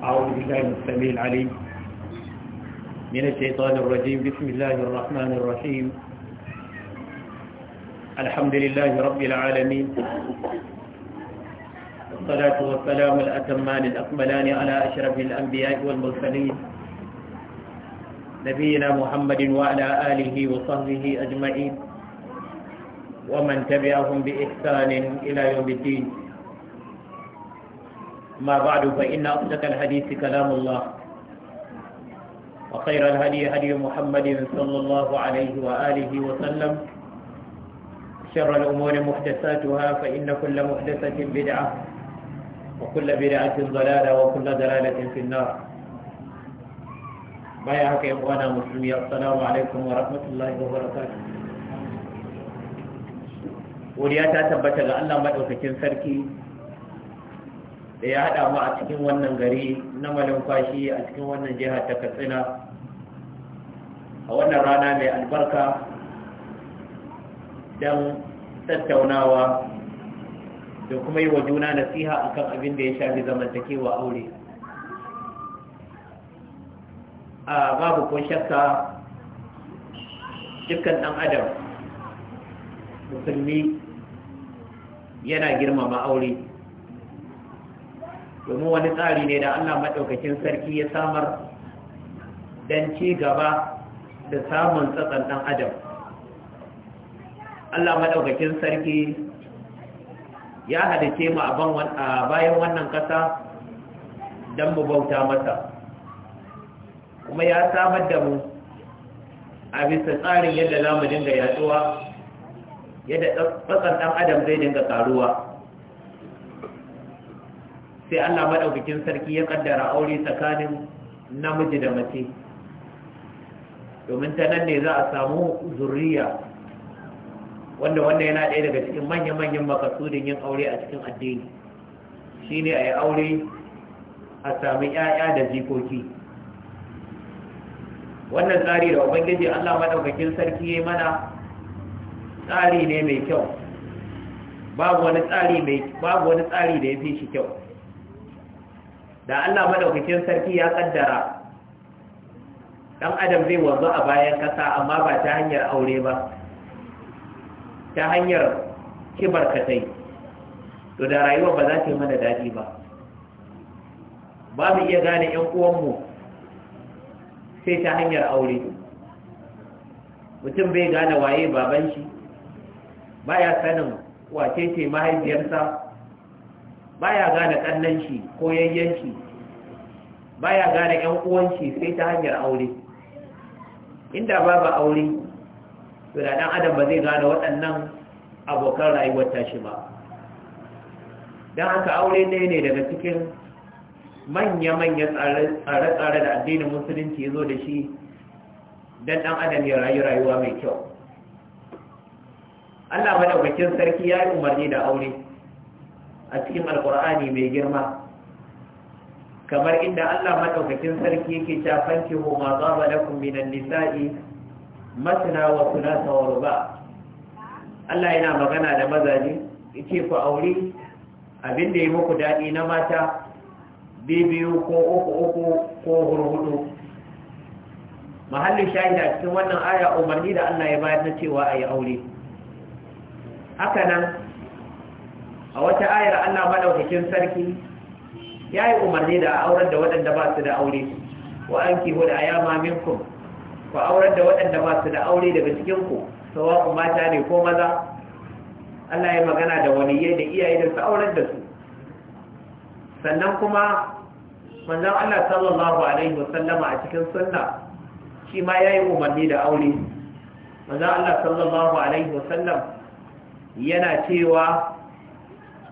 أعوذ بالله السميع العليم من الشيطان الرجيم بسم الله الرحمن الرحيم الحمد لله رب العالمين والصلاة والسلام الأتمان الأكملان على أشرف الأنبياء والمرسلين نبينا محمد وعلى آله وصحبه أجمعين ومن تبعهم بإحسان إلى يوم الدين ما بعد فإن أصدق الحديث كلام الله وخير الهدي هدي محمد صلى الله عليه وآله وسلم شر الأمور محدثاتها فإن كل محدثة بدعة وكل بدعة ضلالة وكل ضلالة في النار بايعك إخوانا مسلمي السلام عليكم ورحمة الله وبركاته وليا ta أن الله Allah madaukakin da ya haɗa mu a cikin wannan gari na malamfashi a cikin wannan jihar ta katsina a wannan rana mai albarka don tattaunawa da kuma yi wa juna nasiha a kan abin da ya shafi zamantakewa aure a babu ko shakka dukkan ɗan adam musulmi yana girmama aure domin wani tsari ne da Allah maɗaukakin sarki ya samar don ci gaba da samun tsatsan ɗan adam Allah maɗaukakin sarki ya ce mu a bayan wannan ƙasa don mu bauta masa kuma ya samar da mu a bisa tsarin yadda za mu dinga yaduwa yadda tsatsan ɗan adam zai dinga karuwa sai Allah madaukakin sarki ya kaddara aure tsakanin namiji da mace domin ta nan ne za a samu zurriya wanda wanda yana ɗaya daga cikin manya-manyan makasudin yin aure a cikin addini shine a yi aure a sami 'ya'ya da jikoki wannan tsari da ubangiji allah maɗaukakin sarki ya mana tsari ne mai kyau babu wani tsari da ya fi shi kyau da Allah madaukakin sarki ya kaddara dan adam zai wanzu a bayan kasa amma ba ta hanyar aure ba ta hanyar kibar katai to da rayuwa ba za ta yi mana daɗi ba ba mu iya gane ‘yan uwanmu sai ta hanyar aure mutum bai gane waye baban shi ba ya sanin wace ce mahaifiyarsa ba ya gane ƙannan shi ko yayyen baya gane yan uwanci sai ta hanyar aure inda babu aure to da dan adam ba zai gane waɗannan abokan rayuwar tashi ba dan haka aure ne ne daga cikin manya manya tsare-tsare da addinin musulunci ya zo da shi don ɗan adam ya rayu rayuwa mai kyau allah madaukakin sarki ya yi umarni da aure a cikin alkur'ani mai girma kamar inda Allah madaukakin sarki yake ta fanki ho ma zaba lakum minan nisa'i masna wa thulatha wa ruba Allah yana magana da mazaje yake ku aure abin da yi muku dadi na mata bibiyu ko uku uku ko hurhudu mahallin shahida cikin wannan aya umarni da Allah ya bayar na cewa ayi aure haka nan a wata ayar Allah madaukakin sarki ya yi umarni da auren da waɗanda ba su da aure wa an kiho da ayama minkum ku auren da waɗanda ba su da aure daga cikinku sawa'un mata ne ko maza Allah ya magana da waliyai da iyaye da su auren da su sannan kuma manzon Allah sallallahu alaihi wasallama a cikin sunna shi ma yayi umarni da aure manzon Allah sallallahu alaihi wasallam yana cewa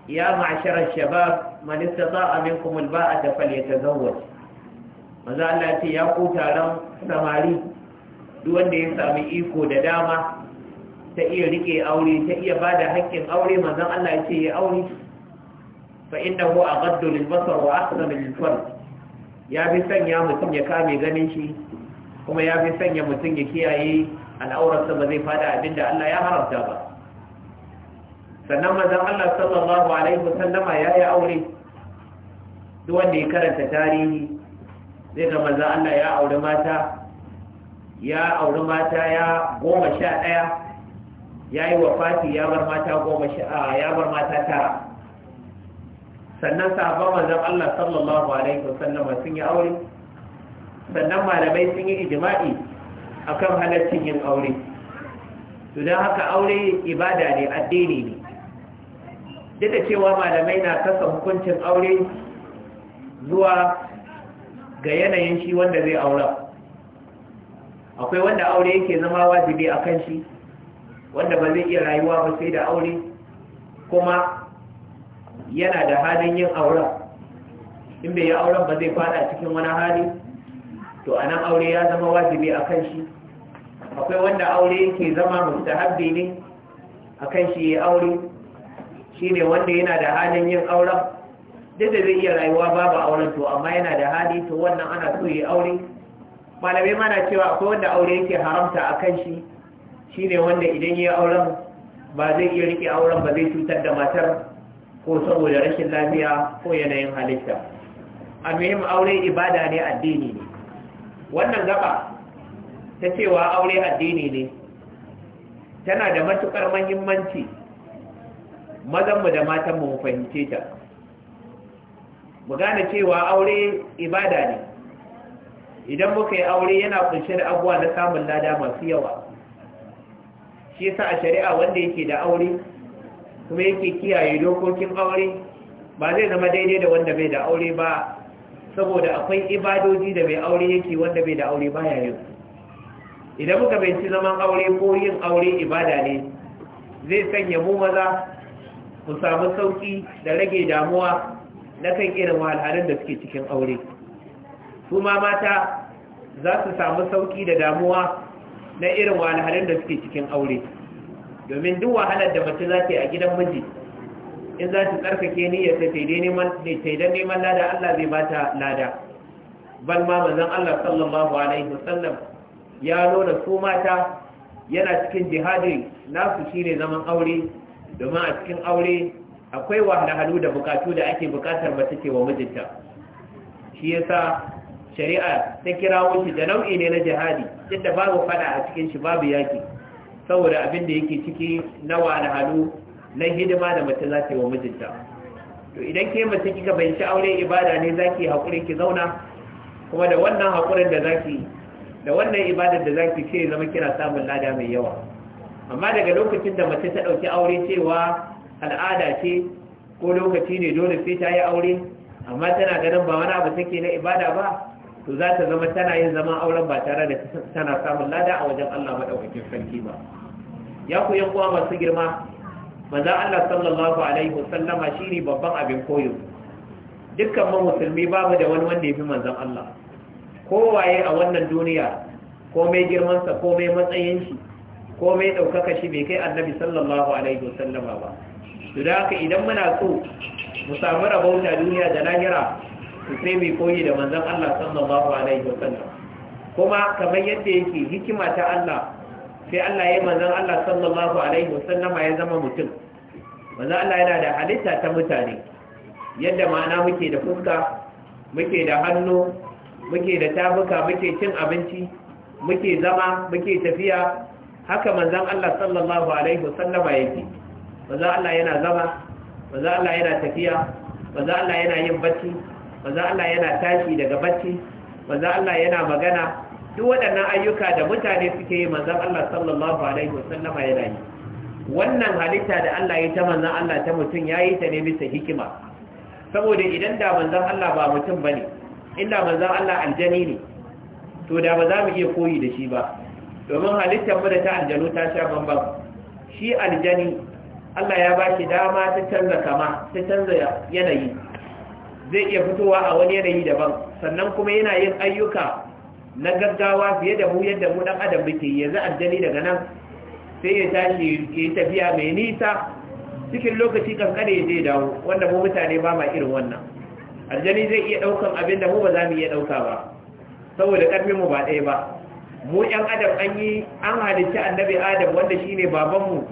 ya ma'sharar shabab man istata'a minkum alba'ata falyatazawwaj maza Allah ce ya ku taron samari duk wanda ya sami iko da dama ta iya rike aure ta iya ba da haƙƙin aure manzon Allah ya ce ya aure fa innahu aghaddu lil basar wa ahsanu lil ya fi sanya mutum ya kame ganin shi kuma ya fi sanya mutum ya kiyaye al'aurarsa ba zai fada abinda Allah ya haramta ba sannan mazan Allah sallallahu alaihi wasallama ya yi aure duk wanda ya karanta tarihi zai ga manzon Allah ya aure mata ya aure mata ya goma sha ɗaya ya yi wa wafati ya bar mata goma sha ya bar mata tara sannan sahabban mazan Allah sallallahu alaihi wasallama sun yi aure sannan malamai sun yi ijma'i akan halaccin yin aure to don haka aure ibada ne addini ne duk da cewa malamai na kasa hukuncin aure zuwa ga yanayin shi wanda zai aura akwai wanda aure yake zama wajibi a kan shi wanda ba zai iya rayuwa ba sai da aure kuma yana da halin yin aura in bai yi auren ba zai fada cikin wani hali to a nan aure ya zama wajibi a kan shi akwai wanda aure yake zama mustahabbi ne a kan shi ya aure Shi ne wanda yana da halin yin auren duk da zai iya rayuwa babu auren to amma yana da hali to wannan ana so yi aure malamai mana cewa akwai wanda aure yake haramta a kan shi ne wanda idan ya auren ba zai iya rike auren ba zai cutar da matar ko saboda rashin lafiya ko yanayin halitta a aure ibada ne addini ne wannan gaba ta cewa aure addini ne tana da matukar mahimmanci Mazan mu da matan mu fahimce ta mu gane cewa aure ibada ne idan muka yi aure yana kunshe da abuwa na samun lada masu yawa shi yasa a shari'a wanda yake da aure kuma yake kiyaye dokokin aure ba zai zama daidai da wanda bai da aure ba saboda akwai ibadoji da mai aure yake wanda bai da aure baya yin idan muka bai ci zaman aure ko yin aure ibada ne zai sanya mu maza ku samu sauki da rage damuwa na kan irin wahalhalun da suke cikin aure su mata za su samu sauki da damuwa na irin wahalhalun da suke cikin aure domin duk wahalar da mace za ta yi a gidan miji in za su tsarkake niyyar ta taidan neman lada Allah zai bata lada ban ma manzon Allah sallallahu alaihi wasallam ya nuna su mata yana cikin jihadin nasu shine zaman aure domin a cikin aure akwai wahalhalu da bukatu da ake bukatar mace ce wa mijinta shi yasa shari'a ta kira wuce, da nau'i ne na jihadi yadda babu fada a cikin shi babu yaki saboda abin da yake ciki na wahalhalu na hidima da mace za ta yi wa mijinta to idan ke mace kika bayanci aure ibada ne zaki hakuri ki zauna kuma da wannan hakurin da zaki da wannan ibadar da zaki ce zama kina samun lada mai yawa amma daga lokacin da mace ta ɗauki aure cewa al'ada ce ko lokaci ne dole sai ta yi aure amma tana ganin ba wani abu take na ibada ba to za ta zama tana yin zaman auren ba tare da tana samun lada a wajen Allah maɗaukakin sarki ba ya ku yan uwa masu girma manzon Allah sallallahu alaihi wasallama ne babban abin koyo dukkan mu musulmi babu da wani wanda ya fi manzon Allah kowaye a wannan duniya komai girmansa komai matsayin shi komai ɗaukaka shi bai kai annabi sallallahu alaihi wasallama ba to da haka idan muna so mu samu rabauta duniya da lahira su sai mu koyi da manzon Allah sallallahu alaihi wasallam kuma kamar yadda yake hikima ta Allah sai Allah ya yi manzon Allah sallallahu alaihi wasallama ya zama mutum manzon Allah yana da halitta ta mutane yadda ma'ana muke da fuska muke da hannu muke da tabuka muke cin abinci muke zama muke tafiya haka manzan Allah sallallahu alaihi wasallama yake manzan Allah yana zama manzan Allah yana tafiya manzan Allah yana yin bacci manzan Allah yana tashi daga bacci manzan Allah yana magana duk waɗannan ayyuka da mutane suke yi manzan Allah sallallahu alaihi wasallama yana yi wannan halitta da Allah ya ta manzan Allah ta mutum ya yi ta ne bisa hikima saboda idan da manzan Allah ba mutum ba ne inda manzan Allah aljani ne to da ba za mu iya koyi da shi ba domin halittar mu da ta aljanu ta sha bambam shi aljani Allah ya ba shi dama ta canza kama ta canza yanayi zai iya fitowa a wani yanayi daban sannan kuma yana yin ayyuka na gaggawa fiye da mu yadda mu dan adam muke yanzu aljani daga nan sai ya tashi ya tafiya mai nisa cikin lokaci kankare ya zai dawo wanda mu mutane ba ma irin wannan aljani zai iya ɗaukan abin da mu ba za mu iya ɗauka ba saboda karfin mu ba ɗaya ba mu yan adam an yi an halitta annabi adam wanda shi ne babanmu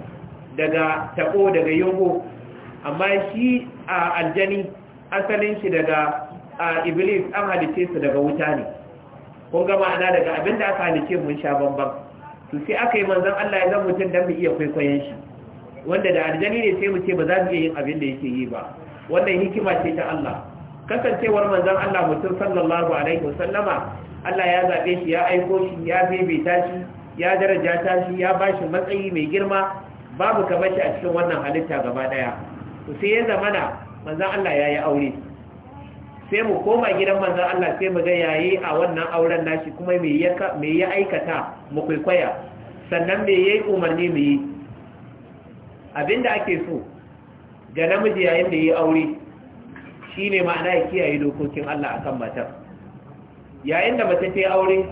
daga taɓo daga yogo amma shi a aljani asalin shi daga iblis an halitta su daga wuta ne kun ga ma'ana daga abin da aka halice mun sha bambam to sai aka yi manzan Allah ya zan mutum dan mu iya kwaikwayon shi wanda da aljani ne sai mu ce ba za mu iya yin abin da yake yi ba wannan hikima ce ta Allah kasancewar manzon Allah mutum sallallahu alaihi wasallama Allah ya zaɓe shi ya aiko shi ya bebeta shi ya daraja ta shi ya ba shi matsayi mai girma babu kamar shi a cikin wannan halitta gaba ɗaya to sai ya zamana manzan Allah ya yi aure sai mu koma gidan manzan Allah sai mu ga yayi a wannan auren nashi kuma me ya aikata mu kwaikwaya sannan me yi umarni mu yi da ake so ga namiji yayin da ya yi aure shine ma'ana ya kiyaye dokokin Allah akan matar yayin da mace ta yi aure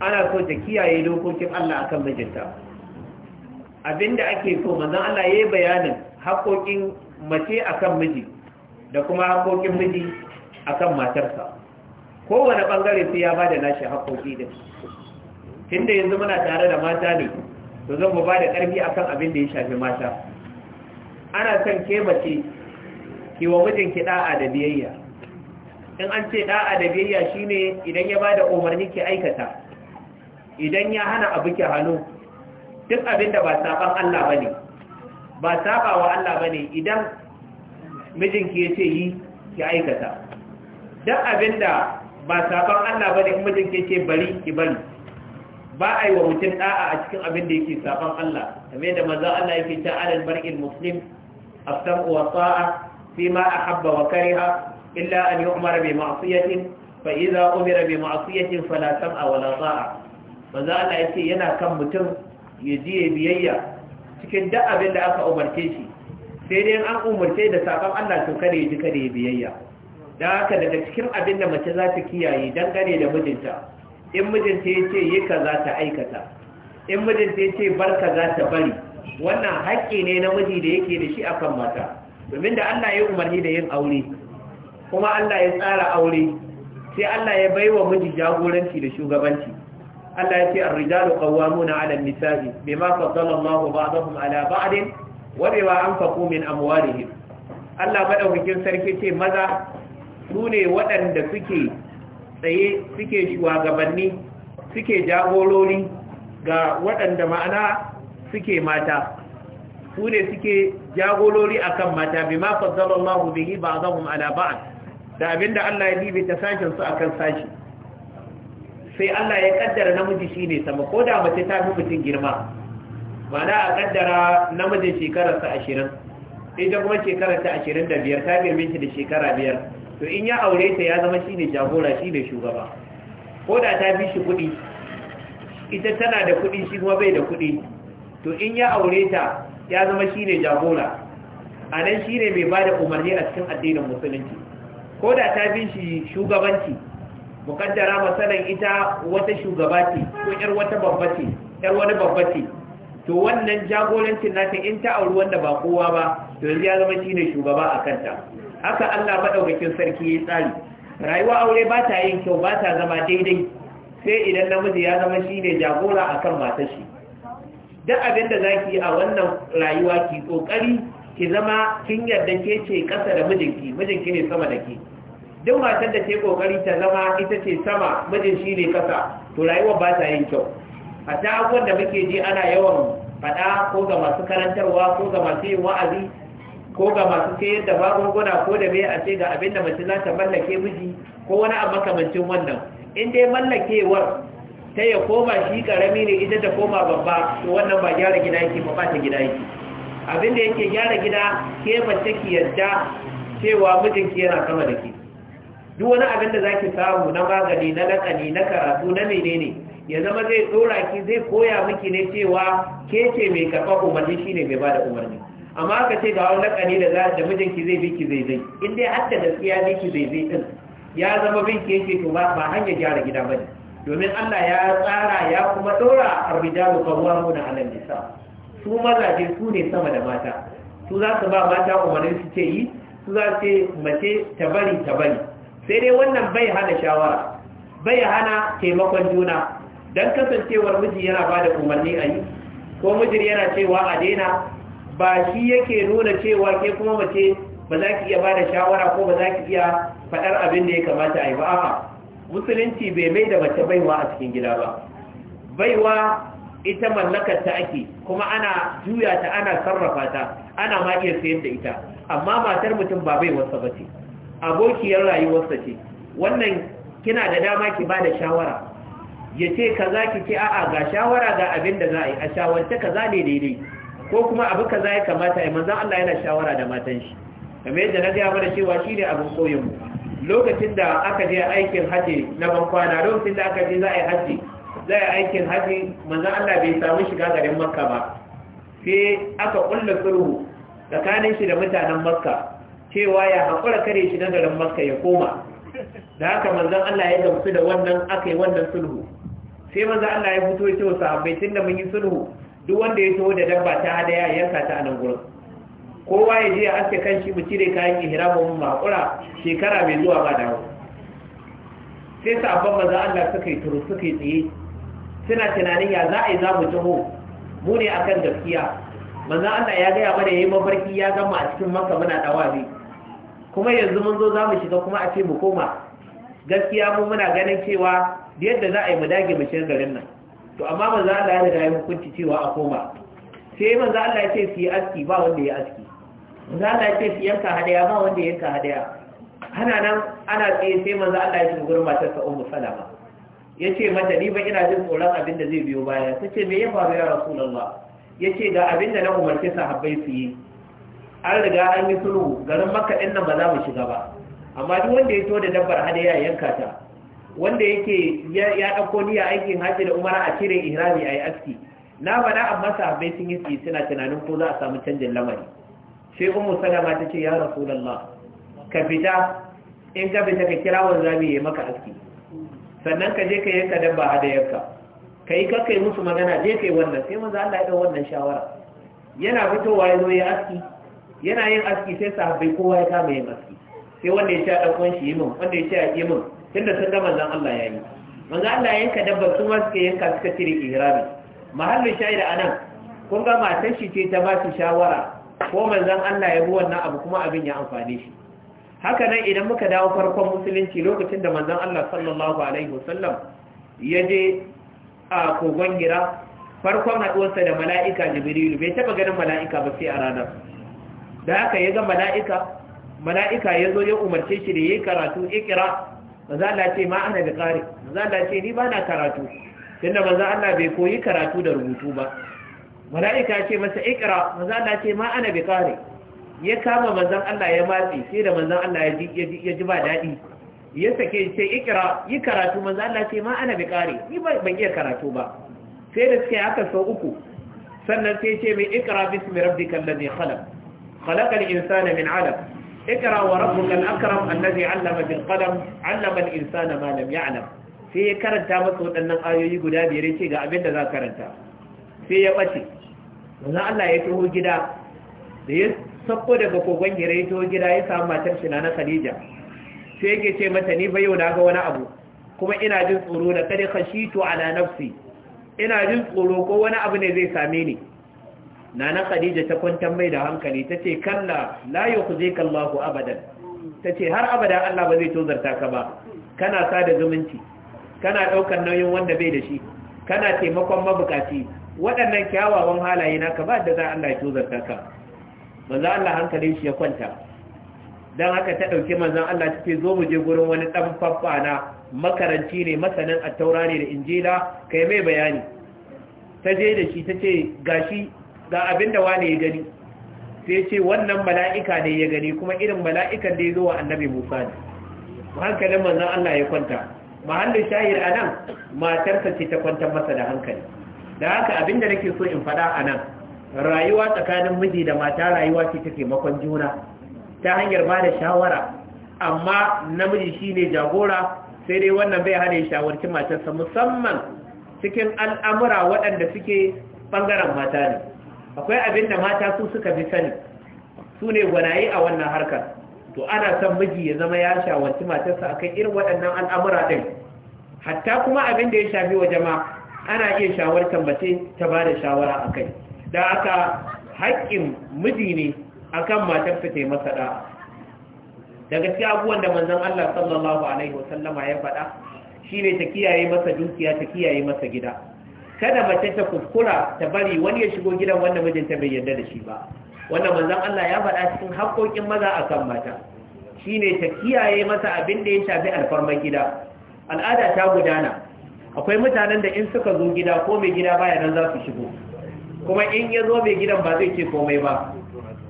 ana so ta kiyaye dokokin Allah akan mijinta abinda ake so manzon Allah yayi bayanin haƙoƙin mace akan miji da kuma haƙoƙin miji akan matarsa kowane bangare sai ya bada nashi haƙoƙi din tunda yanzu muna tare da mata ne to zan mu bada ƙarfi akan abin da ya shafi mata ana son ke mace ki wa mijinki da'a da biyayya in an ce da'a da biyayya shine idan ya bada umarni ki aikata idan ya hana abu ki hannu duk abin da ba saban Allah bane ba sabawa wa Allah bane idan mijinki ya ce yi ki aikata duk abin da ba saban Allah bane in mijinki ke bari ki bari ba a yi wa mutum da'a a cikin abin da yake saban Allah kamar da maza Allah yake ta'ala alal mar'il muslim afsan wa ta'a fi ma ahabba wa kariha illa an yu'mara bi ma'siyatin fa idza umira bi ma'siyatin fala sam'a yace yana kan mutum ya ji biyayya cikin duk abin aka umarce shi sai dai an umarce da sabon Allah to kada ya ji kada ya biyayya da haka daga cikin abinda mace za ta kiyaye dangane da mijinta in mijinta ya ce yi kaza ta aikata in mijinta ya ce bar kaza ta bari wannan haƙƙi ne na miji da yake da shi akan mata domin da Allah ya yi umarni da yin aure kuma Allah ya tsara aure sai Allah ya baiwa miji jagoranci da shugabanci Allah ya ce ar-rijalu qawwamuna 'ala an-nisa'i bima faddala Allahu ba'dahum 'ala ba'din wa bima anfaqu min amwalihim Allah madaukakin sarki ce maza su ne waɗanda suke tsaye suke shugabanni suke jagorori ga waɗanda ma'ana suke mata su ne suke jagorori akan mata bima faddala Allahu bihi ba'dahum 'ala ba'd da abinda Allah ya bibi ta sashin su akan sashi sai Allah ya kaddara namiji shine sama ko da mace ta fi mutum girma mana a kaddara namijin shekararsa ashirin idan kuma shekarar ashirin da biyar ta girme shi da shekara biyar to in ya aure ta ya zama shine jagora shine shugaba ko da ta bi shi kuɗi ita tana da kuɗi shi kuma bai da kuɗi to in ya aure ta ya zama shine jagora a nan shine mai ba da umarni a cikin addinin musulunci ko da ta fi shi shugabanci mukaddara masalan ita wata shugaba ce ko yar wata babba ce yar wani babba ce to wannan jagorancin nata in ta auri wanda ba kowa ba to yanzu ya zama shine shugaba a kanta haka Allah madaukakin sarki ya tsari rayuwa aure ba ta yin kyau ba ta zama daidai sai idan namiji ya zama shine jagora akan matar shi duk abin da zaki a wannan rayuwa ki kokari ki zama kin yarda ke ce kasa da mijinki mijinki ne sama da ke duk matar da ce kokari ta zama ita ce sama mijin shi ne kasa to rayuwar ba ta yin kyau ta abubuwan da muke ji ana yawan faɗa ko ga masu karantarwa ko ga masu yin wa'azi ko ga masu ke da magunguna ko da me a ce ga abin da mace za ta mallake miji ko wani abu makamancin wannan in dai mallakewar ta ya koma shi karami ne ita ta koma babba to wannan ba gyara gida yake ba ta gida yake abin da yake gyara gida ke mace ki yadda cewa mijinki yana sama da ke duk wani abin da za ki samu na magani na lakani na karatu na menene ya zama zai dora ki zai koya miki ne cewa ke ce mai karɓar umarni shine mai bada umarni amma ka ce ga wani lakani da da mijinki zai bi ki zaizai in dai har da gaskiya bi ki zaizai din ya zama bin ki yake to ba hanya gyara gida bane domin Allah ya tsara ya kuma dora arbijalu qawwamuna na alal nisa su mazaje su ne sama da mata su za su ba mata umarni su ce yi su za su ce mace ta bari ta bari sai dai wannan bai hana shawara bai hana taimakon juna don kasancewar miji yana ba da umarni a yi ko mijir yana cewa a daina ba shi yake nuna cewa ke kuma mace ba za ki iya ba da shawara ko ba za ki iya faɗar abin da ya kamata a yi ba a musulunci bai mai da mace baiwa a cikin gida ba baiwa ita mallakar ta ake kuma ana juya ta ana sarrafa ta ana ma iya sayar da ita amma matar mutum ba bai baiwarsa ba ce abokiyar rayuwarsa ce wannan kina da dama ki ba da shawara ya ce ka za ki ce a'a ga shawara ga abin da za a yi a shawarta ka za ne daidai ko kuma abu ka za ya kamata ya manzan Allah yana shawara da matan shi kamar yadda na gaya mana cewa shi ne abin mu lokacin da aka je aikin haji na bankwana lokacin da aka je za a yi haji za a yi aikin haji manzan Allah bai samu shiga garin makka ba sai aka kulla suru tsakanin shi da mutanen makka cewa ya haƙura kare shi na garin makka ya koma da haka manzan Allah ya gamsu da wannan aka yi wannan sulhu sai manzan Allah ya fito ya ce wasu abai tun da mun yi sulhu duk wanda ya taho da dabba ta ya yanka ta a nan gurin kowa ya je ya aske kan shi mu cire kayan ihramu mu haƙura shekara mai zuwa ba dawo sai sabon manzan Allah suka yi turu suka yi tsaye suna tunanin ya za a yi za mu taho mu ne akan gaskiya manzan Allah ya gaya mana ya yi mafarki ya gama a cikin maka muna bi. kuma yanzu mun zo za mu shiga kuma a ce mu koma gaskiya mu muna ganin cewa da yadda za a yi mu dage mu shirin garin nan to amma manzo Allah ya riga ya hukunci cewa a koma sai manzo Allah ya ce su yi aski ba wanda ya aski manzo Allah ya ce su yanka hadaya ba wanda ya yanka hadaya ana nan ana tsaye sai manzo Allah ya ce gurin matar sa ummu salama yace mata ni ba ina jin tsoron abin da zai biyo baya ce me ya faru ya rasulullah yace ga abin da na umarce sahabbai su yi an riga an yi sulhu garin makka ɗin nan ba za mu shiga ba amma duk wanda ya to da dabbar ya yanka ta wanda yake ya ɗauko niyya aikin hajji da umara a cire ihrami a yi aski na faɗa amma sahabbai sun yi suna tunanin ko za a samu canjin lamari sai ummu salama ta ce ya rasulullah ka fita in ka fita ka kira wanzami ya maka aski sannan ka je ka yanka dabba hadayarka ka yi kakkai musu magana je kai yi wannan sai manzo Allah ya wannan shawara yana fitowa ya zo ya aski yana yin aski sai sahabbai kowa ya kama yin aski sai wanda ya sha ɗan shi yi min wanda ya sha yi min tunda sun ga zan Allah ya yi manzon Allah ya yanka dabbar su ma suka yanka suka cire ihrami mahallin shaida anan kun ga matar shi ce ta ba su shawara ko manzon Allah ya bi wannan abu kuma abin ya amfane shi haka nan idan muka dawo farkon musulunci lokacin da manzon Allah sallallahu alaihi wasallam ya je a kogon gira farkon haɗuwarsa da mala'ika jibrilu bai taɓa ganin mala'ika ba sai a ranar da aka ya ga mala'ika mala'ika ya zo ya umarce shi da ya yi karatu ikira maza Allah ce ma ana da ƙari maza Allah ce ni ba na karatu tunda maza Allah bai koyi karatu da rubutu ba mala'ika ce masa ikira maza Allah ce ma ana da ƙari ya kama manzan Allah ya matsi sai da manzan Allah ya ji ba daɗi ya sake ce ikira yi karatu manzan Allah ce ma ana da ƙari ni ban iya karatu ba sai da suke haka sau uku sannan sai ce mai ikira bismi kallon ladzi khalaq خلق الإنسان من علم annabi وربك الأكرم الذي علم بالقلم علم الإنسان ما لم يعلم sai ya karanta masa waɗannan ayoyi guda biyar ce ga abin da za karanta sai ya ɓace wanzu Allah ya taho gida da ya sako daga kogon gira ya taho gida ya samu matar shi na Khadija sai yake ce mata ni fa yau na ga wani abu kuma ina jin tsoro da kada khashitu ala nafsi ina jin tsoro ko wani abu ne zai same ni nana khadija ta kwantar mai da hankali ta ce kalla la yukhzika Allahu abadan ta ce har abada Allah ba zai tozarta ka ba kana sada zumunci kana daukar nauyin wanda bai da shi kana taimakon mabukaci waɗannan kyawawan halaye naka ba da za Allah ya tozarta ka manzo Allah hankalin shi ya kwanta dan haka ta ma manzon Allah ta zo mu je gurin wani dan faffana makaranci ne masanin at taurari da injila kai mai bayani ta je da shi ta ce gashi ga abin da wane ya gani sai ce wannan mala'ika ne ya gani kuma irin mala'ikan da ya zo wa annabi musa ne hankalin manzan Allah ya kwanta Muhallin shahir a nan matarsa ce ta kwantar masa da hankali da haka abin da nake so in faɗa a nan rayuwa tsakanin miji da mata rayuwa ce ta taimakon juna ta hanyar ba da shawara amma namiji shi ne jagora sai dai wannan bai hana shawarci matarsa musamman cikin al'amura waɗanda suke ɓangaren mata ne akwai abin da mata su suka fi sani su ne gwanaye a wannan harkar to ana son miji ya zama ya shawarci matarsa akan irin waɗannan al'amura ɗin hatta kuma abin da ya shafi wa jama'a ana iya shawartar mace ta ba da shawara a kai da aka haƙƙin miji ne akan matar ta yi masa ɗa'a Daga gaskiya abubuwan da manzon Allah sallallahu alaihi wasallama ya faɗa shine ta kiyaye masa dukiya ta kiyaye masa gida kada mace ta kuskura ta bari wani ya shigo gidan wanda mijinta bai yarda da shi ba wannan manzon Allah ya faɗa cikin haƙoƙin maza akan mata shine ta kiyaye masa abin da ya shafi alfarman gida al'ada ta gudana akwai mutanen da in suka zo gida ko mai gida baya nan za su shigo kuma in ya zo mai gidan ba zai ce komai ba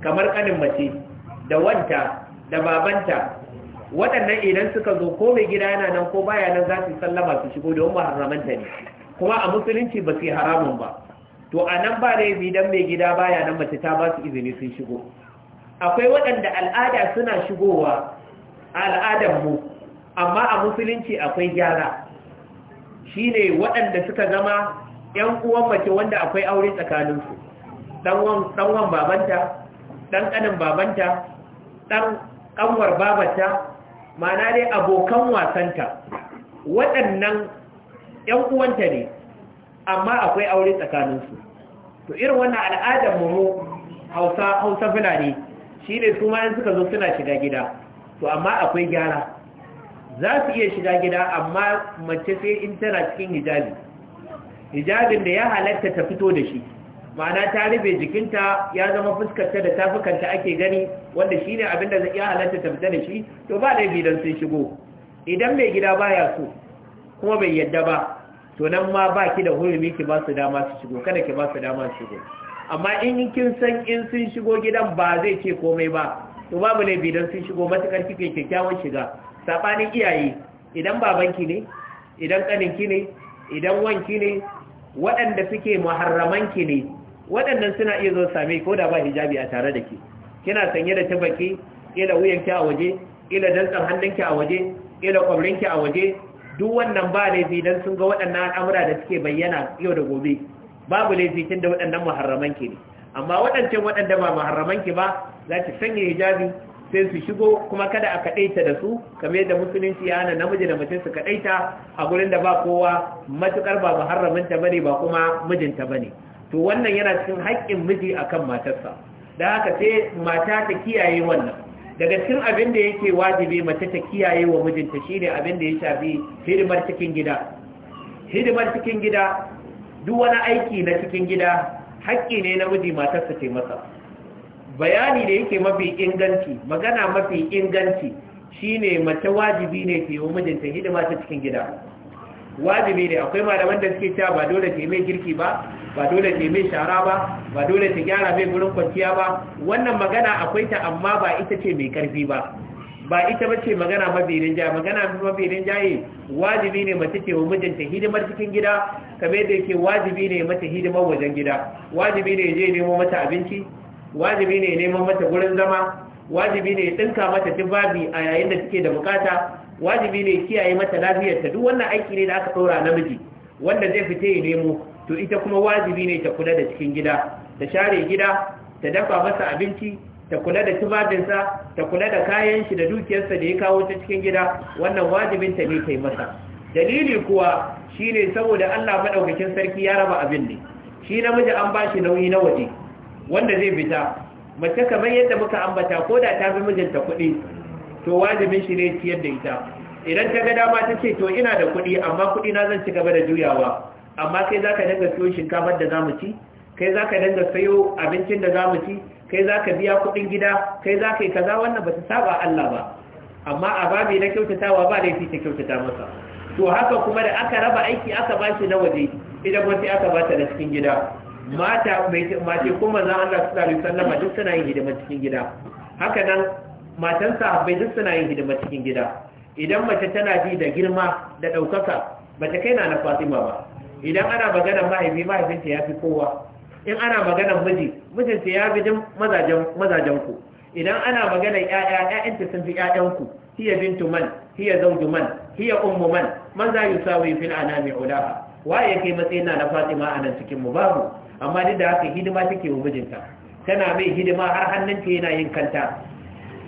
kamar kanin mace da wanta da babanta waɗannan idan suka zo ko mai gida yana nan ko baya nan za su sallama su shigo don ba haramanta ne kuma a musulunci ba su haramun ba to a nan ba da yabi don mai gida baya nan mace ta ba su izini sun shigo akwai waɗanda al'ada suna shigowa a al'adar mu amma a musulunci akwai gyara shi ne waɗanda suka zama 'yan uwan mace wanda akwai aure tsakaninsu ɗanwan babanta ɗan ƙanin babanta ɗan ƙanwar babata mana dai abokan wasanta waɗannan ‘yan uwanta ne amma akwai aure tsakaninsu to irin wannan al'adar mu hausa hausa fulani shi ne su ma suka zo suna shiga gida to amma akwai gyara za su iya shiga gida amma mace sai in tana cikin hijabi hijabin da ya halatta ta fito da shi ma'ana ta rufe jikinta ya zama fuskarta da tafukanta ake gani wanda shi ne zai ya halatta ta fita da shi to ba laifi don sun shigo idan mai gida baya so kuma bai yadda ba to nan ma ba ki da hurumi ki ba su dama su shigo kada ki ba su dama su shigo amma in kin san in sun shigo gidan ba zai ce komai ba to babu laifi don sun shigo matukar kike kyakkyawan shiga sabanin iyaye idan babanki ne idan kaninki ne idan wanki ne waɗanda suke muharramanki ne waɗannan suna iya zo same ko da ba hijabi a tare da ki. kina sanye da tabaki ila wuyanki a waje ila dantsan hannunki a waje ila kwabrinki a waje duk wannan ba laifi don sun ga waɗannan al'amura da suke bayyana yau da gobe babu laifi tun da waɗannan maharraman ke ne amma waɗancan waɗanda ba maharraman ke ba za ki sanya hijabi sai su shigo kuma kada a kaɗaita da su kamar yadda musulunci ya hana namiji da mace su kaɗaita a gurin da ba kowa matuƙar ba ta bane ba kuma mijinta bane to wannan yana cikin haƙƙin miji akan matarsa da haka sai mata ta kiyaye wannan daga cikin abin da yake wajibi mace ta kiyaye wa mijinta shine abin da ya shafi hidimar cikin gida hidimar cikin gida duk wani aiki na cikin gida haƙƙi ne na miji matarsa ce masa bayani da yake mafi inganci magana mafi inganci shine mace wajibi ne ke yi wa mijinta hidima ta cikin gida wajibi ne akwai malaman da suke cewa ba dole ke mai girki ba ba dole ke mai shara ba ba dole ta gyara mai gurin kwanciya ba wannan magana akwai ta amma ba ita ce mai karfi ba ba ita bace magana mabirin jaye magana mabirin jaye wajibi ne mace ce wa mijinta hidimar cikin gida kamar yadda yake wajibi ne mata hidimar wajen gida wajibi ne je nemo mata abinci wajibi ne neman mata gurin zama wajibi ne ya dinka mata tufafi a yayin da take da bukata wajibi ne kiyaye mata lafiyarta duk wannan aiki ne da aka ɗora namiji wanda zai fita ya nemo to ita kuma wajibi ne ta kula da cikin gida ta share gida ta dafa masa abinci ta kula da tubabinsa, ta kula da kayan shi da dukiyarsa da ya kawo ta cikin gida wannan wajibin ta ne kai masa dalili kuwa shine saboda Allah madaukakin sarki ya raba abin ne shi namiji an bashi nauyi na waje wanda zai fita mace kamar yadda muka ambata ko da ta fi mijinta kuɗi to wajibin shi ne ciyar da ita idan ta ga dama ta ce to ina da kuɗi amma kuɗi na zan ci gaba da juyawa amma kai za ka dinga siyo shinkafar da za mu ci kai za ka dinga sayo abincin da za mu ci kai za ka biya kuɗin gida kai za ka yi kaza wannan ba ta saba Allah ba amma a babi na kyautatawa ba laifi ta kyautata masa to haka kuma da aka raba aiki aka ba shi na waje idan wata aka ba ta na cikin gida mata mace kuma zan Allah sallallahu alaihi wasallam duk suna yin hidimar cikin gida haka nan matan sahabbai duk suna yin hidima cikin gida idan mace tana ji da girma da ɗaukaka ba ta kai na na fatima ba idan ana magana mahaifi mahaifinta ya fi kowa in ana magana miji mijinta ya fi jin mazajen ku idan ana magana yaya yayanta sun fi 'ya'yanku, ku hiya bintu man hiya zawju man hiya ummu man man za sawi fil anami ulaha waye kai matsayin na fatima a nan cikin mu babu amma duk da haka hidima take wa mijinta tana mai hidima har hannunta yana yin kanta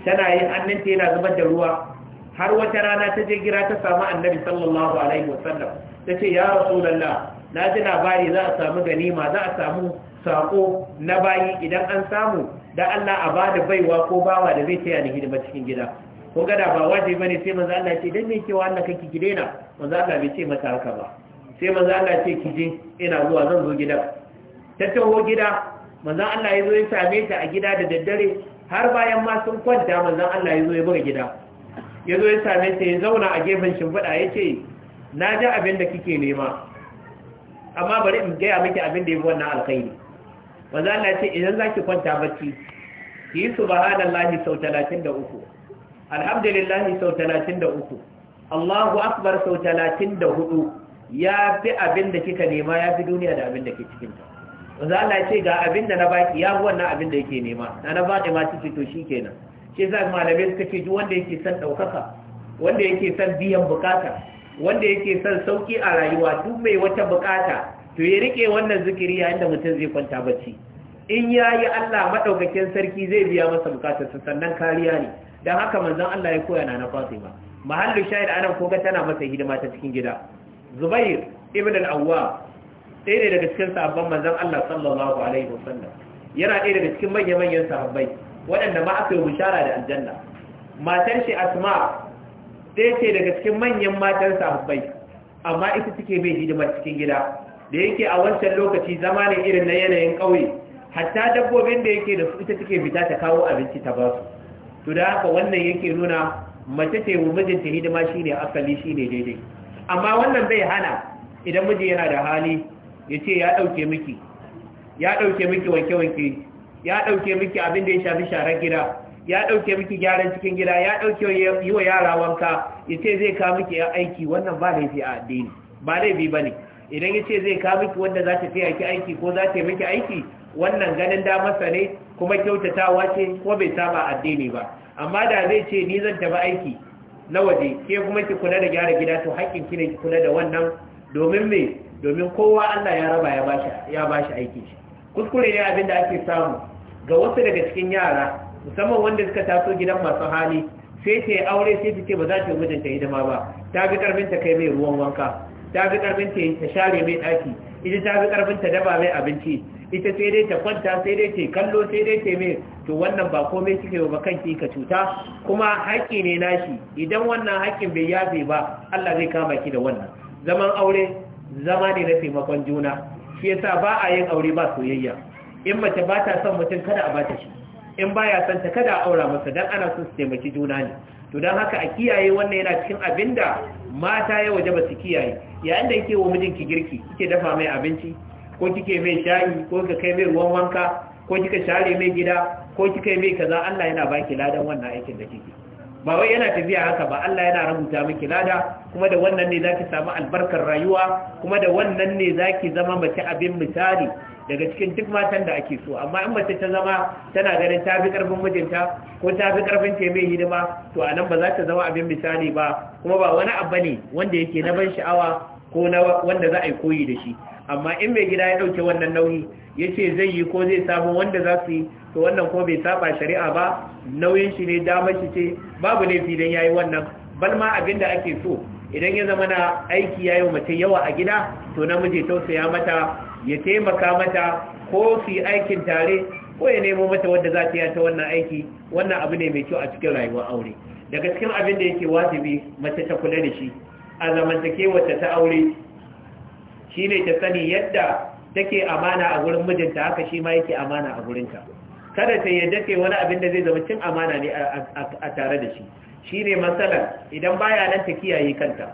tana yin annanta yana zubar da ruwa har wata rana ta je gira ta samu annabi sallallahu alaihi wasallam ta ce ya rasulallah na ji labari za a samu ganima za a samu sako na bayi idan an samu da Allah a bada baiwa ko bawa da zai taya ni hidima cikin gida ko gada ba waje bane sai manzo Allah ce dan me ke wa Allah kake ki daina manzo Allah bai ce mata haka ba sai manzo Allah ce ki je ina zuwa zan zo gida ta taho gida manzo Allah ya zo ya same ta a gida da daddare har bayan ma sun kwanta manzon Allah ya zo ya buga gida ya zo ya same ta ya zauna a gefen shimfiɗa ya ce na ji abin da kike nema amma bari in gaya miki abin da ya fi wannan alkhairi manzon Allah ya ce idan za ki kwanta bacci ki yi subhanallahi sau talatin da uku alhamdulillahi sau talatin da uku Allahu akbar sau talatin da hudu ya fi abin da kika nema ya fi duniya da abin da ke cikinta wanzu Allah ce ga abinda na baki ya wannan abin da yake nema na na baki ma ce to kenan. shi sa malamai suka ce ji wanda yake son ɗaukaka, wanda yake son biyan bukata wanda yake son sauki a rayuwa duk mai wata bukata to ya rike wannan zikiri yayin da mutum zai kwanta bacci in ya yi Allah madaukakin sarki zai biya masa sa sannan kariya ne dan haka manzon Allah ya koya na na Fatima mahallu shahid anan koga tana masa hidima ta cikin gida Zubair ibn al-Awwam ɗaya ne daga cikin sahabban manzon Allah sallallahu alaihi wasallam yana ɗaya daga cikin manyan manyan sahabbai waɗanda ma aka yi bishara da aljanna matar shi asma ɗaya ce daga cikin manyan matan sahabbai amma ita take mai hidimar cikin gida da yake a wancan lokaci zama ne irin na yanayin ƙauye hatta dabbobin da yake da su ita take fita ta kawo abinci ta basu to da haka wannan yake nuna mace ce wa mijinta hidima shine asali shine daidai amma wannan bai hana idan miji yana da hali ya ce ya ɗauke miki ya ɗauke miki wanke-wanke ya ɗauke miki abin da ya shafi sharar gida ya ɗauke miki gyaran cikin gida ya ɗauke yi wa yara wanka ya ce zai kawo miki yan aiki wannan ba laifi a addini ba laifi ba ne idan ya ce zai kawo miki wanda za ta taya ki aiki ko za ta miki aiki wannan ganin damarsa ne kuma kyautatawa ce ko bai saba addini ba amma da zai ce ni zan tafi aiki na waje ke kuma ki kula da gyara gida to haƙƙin ki ne ki kula da wannan domin me domin kowa Allah ya raba ya bashi ya bashi aiki kuskure ne abinda ake samu ga wasu daga cikin yara musamman wanda suka taso gidan masu hali sai ta aure sai ta ce ba za ta yi mijinta hidima ba ta bi karfin ta kai mai ruwan wanka ta bi karfin ta ta share mai daki ita ta bi karfin ta daba mai abinci ita sai dai ta kwanta sai dai ta kallo sai dai ta mai to wannan ba komai kike ba kanki ka cuta kuma haƙƙi ne nashi idan wannan haƙƙin bai yafe ba Allah zai kama ki da wannan zaman aure zama ne na taimakon juna shi yasa ba a yin aure ba soyayya in mace ba ta son mutum kada a bata shi in baya son ta kada a aura masa dan ana son su taimaki juna ne to don haka a kiyaye wannan yana cikin abin da mata ya waje ba su kiyaye yayin da yake wa mijinki girki kike dafa mai abinci ko kike mai shayi ko ka kai mai ruwan wanka ko kika share mai gida ko kika mai kaza Allah yana baki ladan wannan aikin da kike ba wai yana tafiya haka ba Allah yana rubuta miki lada kuma da wannan ne zaki samu albarkar rayuwa kuma da wannan ne zaki zama mace abin misali daga cikin duk matan da ake so amma in mace ta zama tana ganin ta fi karfin mijinta ko ta fi karfin ce mai hidima to anan ba za ta zama abin misali ba kuma ba wani abu ne wanda yake na ban sha'awa ko na wanda za a yi koyi da shi amma in mai gida ya dauke wannan nauyi ya ce zai yi ko zai samu wanda za su yi to wannan ko bai saba shari'a ba nauyin shi ne damar shi ce babu laifi don ya yi wannan balma abin da ake so idan ya zama na aiki ya yi mace yawa a gida to namiji tausaya mata ya taimaka mata ko su aikin tare ko ya nemo mata wanda za ta yi ta wannan aiki wannan abu ne mai kyau a cikin rayuwar aure daga cikin abin da yake wajibi mace ta kula da shi a zamantakewarta ta aure shi ne ta sani yadda take amana a gurin mijinta haka shi ma yake amana a gurinta kada ta yadda ce wani abin da zai zama cin amana ne a tare da shi shi ne matsalar idan baya nan ta kiyaye kanta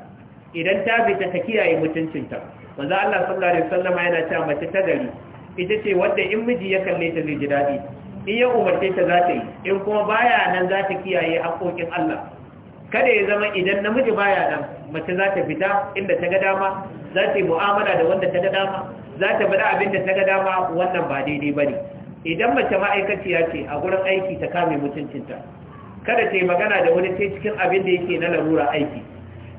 idan ta fita ta kiyaye mutuncinta Wanzu Allah sallallahu alaihi yana cewa mace ta gari ita ce wanda in miji ya kalle ta zai ji daɗi. in ya umarce ta za ta yi in kuma baya nan za ta kiyaye haƙoƙin Allah kada ya zama idan namiji baya nan mace za ta fita inda ta ga dama za ta yi mu'amala da wanda ta ga dama za ta bada abin da ta ga dama wannan ba daidai ba ne idan mace ma'aikaciya ce a gurin aiki ta kame mutuncinta kada ta yi magana da wani ce cikin abin da yake na larura aiki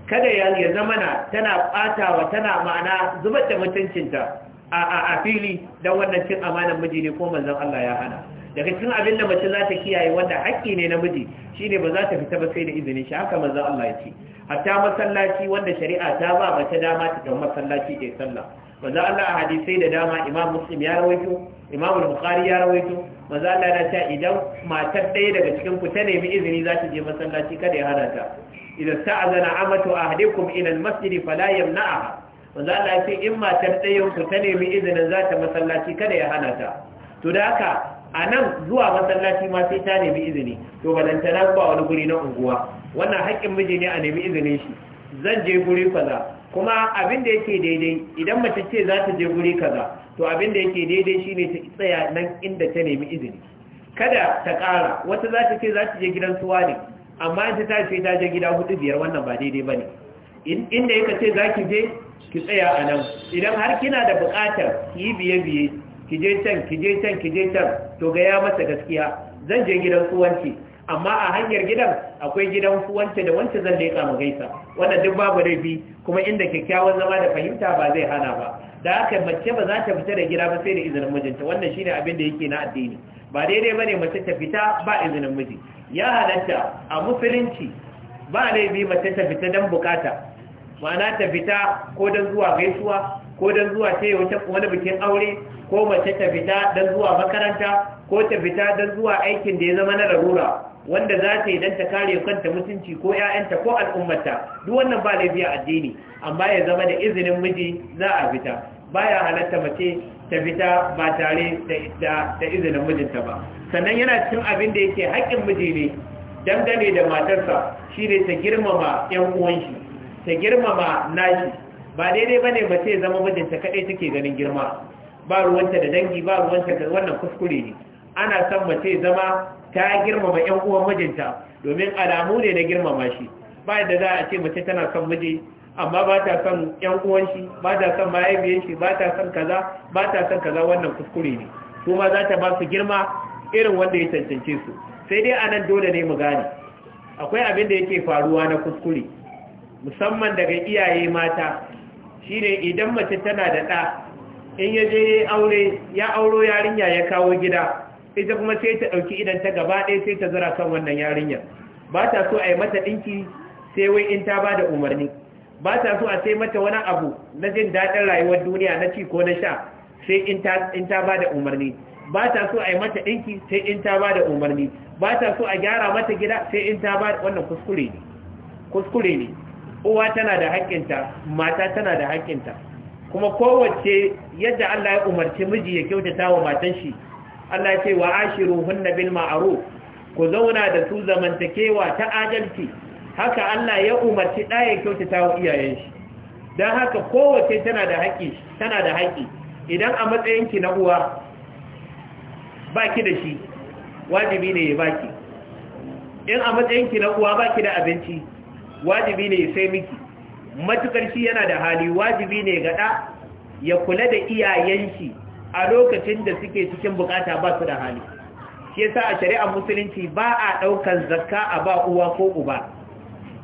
kada ya zama na tana ɓatawa tana ma'ana zubar da mutuncinta a fili don wannan cin amanan miji ne ko manzon Allah ya hana daga cin abin da mace za ta kiyaye wanda haƙƙi ne na miji shi ne ba za ta fita ba sai da izini shi haka maza Allah ya ce hatta masallaci wanda shari'a ta ba mace dama ta tafi masallaci ta sallah manzo Allah a hadisai da dama Imam Muslim ya rawaito Imam Bukhari ya rawaito manzo Allah ya ce idan matar ɗaya daga cikin ku ta nemi izini za ta je masallaci kada ya hana ta idan ta'azana amatu ahdikum ila al-masjid fala yamna'aha manzo Allah ya ce in matar ɗayan ku ta nemi izinin za ta masallaci kada ya hana ta to da haka a nan zuwa masallaci ma sai ta nemi izini to na zuwa wani guri na unguwa wannan haƙƙin miji ne a nemi izinin shi zan je guri kaza kuma abin da yake daidai idan mace ce za ta je guri kaza to abin da yake daidai shine ta tsaya nan inda ta nemi izini kada ta ƙara wata za ta ce za ta je gidan suwa ne amma ta ta ce ta je gida hudu biyar wannan ba daidai ba ne inda yaka ce za ki je ki tsaya a nan idan har kina da buƙatar ki yi biye-biye ki je can ki je can ki je can to ga ya mata gaskiya zan je gidan suwanci amma a hanyar gidan akwai gidan kuwanci da wance zan leka mu gaisa wannan duk babu laifi kuma inda kyakkyawan zama da fahimta ba zai hana ba da haka mace ba za ta fita da gida ba sai da izinin mijinta wannan shine abin da yake na addini ba daidai bane mace ta fita ba izinin miji ya halatta a musulunci ba laifi mace ta fita don bukata ma'ana ta fita ko don zuwa gaisuwa ko don zuwa ce wani bikin aure ko mace ta fita don zuwa makaranta ko ta fita don zuwa aikin da ya zama na larura wanda za ta yi don ta kare kanta mutunci ko 'ya'yanta ko al'ummata duk wannan ba laifi a addini amma ya zama da izinin miji za a fita baya halatta mace ta fita ba tare da izinin mijinta ba sannan yana cikin abin da yake haƙƙin miji ne dangane da matarsa shi ne ta girmama 'yan uwanshi ta girmama nashi ba daidai ba ne mace zama mijinta kaɗai take ganin girma ba ruwanta da dangi ba ruwanta da wannan kuskure ne ana son mace zama ta girmama yan uwan mijinta domin alamu ne na girmama shi ba da za a ce mace tana son miji amma ba ta son yan uwan shi ba ta son mahaifiyar shi ba ta son kaza ba ta son kaza wannan kuskure ne su ma za ta ba su girma irin wanda ya tantance su sai dai a nan dole ne mu gane akwai abin da yake faruwa na kuskure musamman daga iyaye mata Shi ne, idan mace tana da ɗa in ya je aure ya auro yarinya ya kawo gida ita kuma sai ta ɗauki idan ta gaba ɗaya sai ta zura kan wannan yarinya ba ta so a yi mata ɗinki sai wai in ta ba da umarni ba ta so a sai mata wani abu na jin daɗin rayuwar duniya na ci ko na sha sai in ta ba da umarni ba ta so a yi mata ɗinki sai in ta ba da umarni ba ta so a gyara mata gida sai in ta ba wannan kuskure ne kuskure ne uwa tana da haƙƙinta mata tana da haƙƙinta kuma kowace yadda Allah ya umarci miji ya kyautata wa matan shi Allah ya ce wa ashiru hunna bil ma'ruf ku zauna da su zamantakewa ta adalci haka Allah ya umarci da ya kyautata wa iyayen shi don haka kowace tana da haƙƙi tana da haƙƙi idan a matsayinki na uwa baki da shi wajibi ne ya baki in a matsayinki na uwa baki da abinci wajibi ne sai miki matukar shi yana da hali wajibi ne ga ɗa ya kula da iyayen shi a lokacin da suke cikin bukata ba su da hali shi yasa a shari'ar musulunci ba a ɗaukar zakka a ba uwa ko uba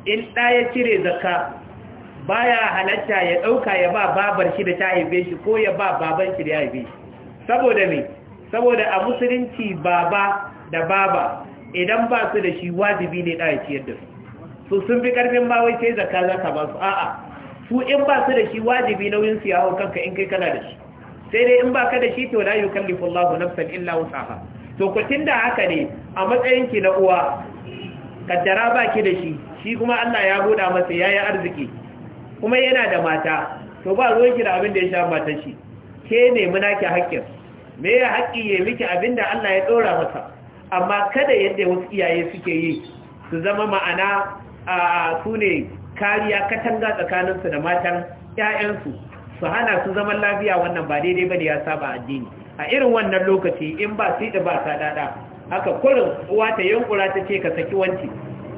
in ɗa ya cire zakka baya halatta ya ɗauka ya ba babar shi da ta haife shi ko ya ba baban shi da ya haife shi saboda me saboda a musulunci baba da baba idan ba su da shi wajibi ne ɗa ya ciyar da su su sun fi karfin ma wai sai zakka za ba su a'a su in ba su da shi wajibi nauyin su ya kanka in kai kana da shi sai dai in ba ka da shi to la yukallifu Allahu nafsan illa wusaha to ku tinda haka ne a matsayin ki na uwa kaddara ba ki da shi shi kuma Allah ya buɗa masa yayi arziki kuma yana da mata to ba zo ki da abin da ya sha matan shi ke ne muna ki haƙƙin me ya haƙƙi ya miki abin da Allah ya ɗora masa amma kada yadda wasu iyaye suke yi su zama ma'ana a su ne kariya katanga tsakaninsu da matan 'ya'yansu su hana su zaman lafiya wannan ba daidai ba da ya saba addini a irin wannan lokaci in ba su da ba ta dada haka kurin uwa ta yankura ta ce ka saki wanci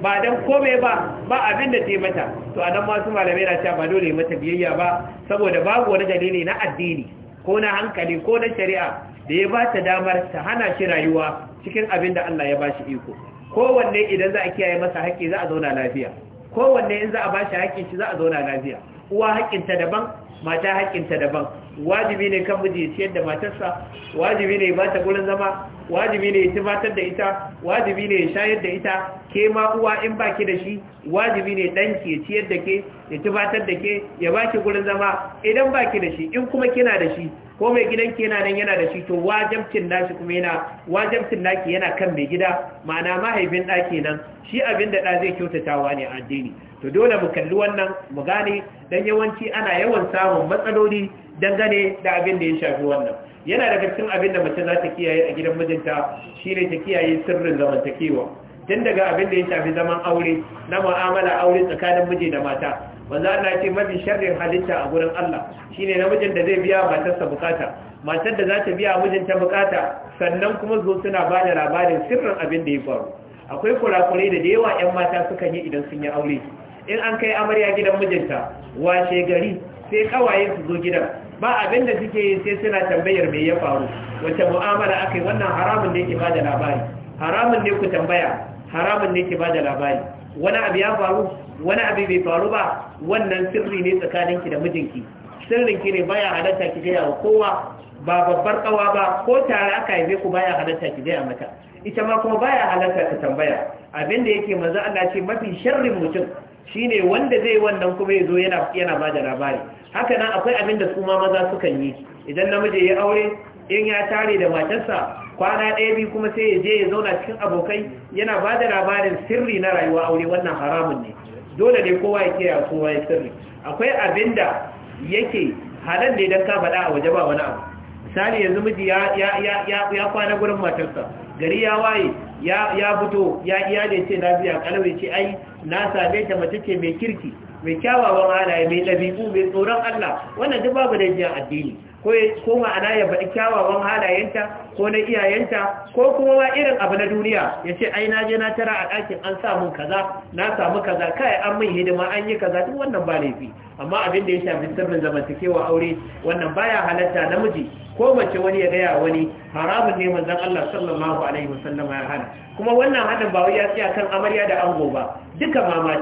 ba don kome ba ba abin da ce mata to a nan masu malamai na cewa ba dole mata biyayya ba saboda babu wani dalili na addini ko na hankali ko na shari'a da ya ba ta damar ta hana shi rayuwa cikin abin da Allah ya ba shi iko kowanne idan za a kiyaye masa haƙƙi za a zauna lafiya kowanne in za a bashi haƙƙin shi za a zauna lafiya uwa haƙƙinta daban mata haƙƙinta daban wajibi ne kan miji ya ciyar da matarsa wajibi ne ba bata gurin zama wajibi ne ya tufatar da ita wajibi ne ya shayar da ita ke ma uwa in baki da shi wajibi ne dan ki ya ciyar da ke ya tufatar da ke ya baki gurin zama idan baki da shi in kuma kina da shi ko mai gidan ke yana nan yana da shi to wajabcin nashi kuma yana wajabcin naki yana kan mai gida ma'ana mahaifin ɗaki nan shi abin da ɗa zai kyautatawa ne a addini to dole mu kalli wannan mu gane dan yawanci ana yawan samun matsaloli dangane da abin da ya shafi wannan yana daga cikin abin da mace za ta kiyaye a gidan mijinta shine ta kiyaye sirrin zamantakewa tun daga abin da ya shafi zaman aure na mu'amala aure tsakanin miji da mata wanda Allah ce mafi sharrin halitta a gurin Allah Shi shine namijin da zai biya matarsa bukata matar da za ta biya mijinta bukata sannan kuma zo suna ba da labarin sirrin abin da ya faru akwai kurakurai da da yawa 'yan mata suka yi idan sun yi aure in an kai amarya gidan mijinta washe gari sai kawayen su zo gidan ba abin da suke yi sai suna tambayar me ya faru wace mu'amala aka yi wannan haramun ne ke bada labari haramun ne ku tambaya haramun ne ke bada labari wani abu ya faru wani abu bai faru ba wannan sirri ne tsakaninki da mijinki sirrinki ne baya halatta ki gaya wa kowa ba babbar kawa ba ko tare aka haife ku baya halatta ki gaya mata ita ma kuma baya halatta ta tambaya abinda yake manzo Allah ce mafi sharrin mutum shine wanda zai wannan kuma yazo yana yana bada labari haka nan akwai abinda su ma maza sukan yi idan namiji ya aure in ya tare da matarsa kwana ɗaya biyu kuma sai ya je ya zauna cikin abokai yana bada labarin sirri na rayuwa aure wannan haramun ne dole ne kowa ya kiyaye kowa ya sirri akwai abin da yake halar ne dan ka faɗa a waje ba wani abu misali yanzu miji ya kwana gurin matarsa gari ya waye ya fito ya iyale ce na biya kalawai ce ai na same ta mace ce mai kirki mai kyawawan halaye mai ɗabi'u mai tsoron Allah wannan duk babu da jiya addini ko ma'ana ya baɗi kyawawan halayenta ko na iyayenta ko kuma ma irin abu na duniya ya ce ai na je na tara a ɗakin an samun kaza na samu kaza kai an min hidima an yi kaza duk wannan ba laifi amma abin da ya shafi sirrin zamantakewa aure wannan baya halatta namiji ko mace wani ya gaya wani haramun ne manzon Allah sallallahu alaihi wasallam ya hana kuma wannan hadin ba wai ya tsaya kan amarya da ango ba duka ma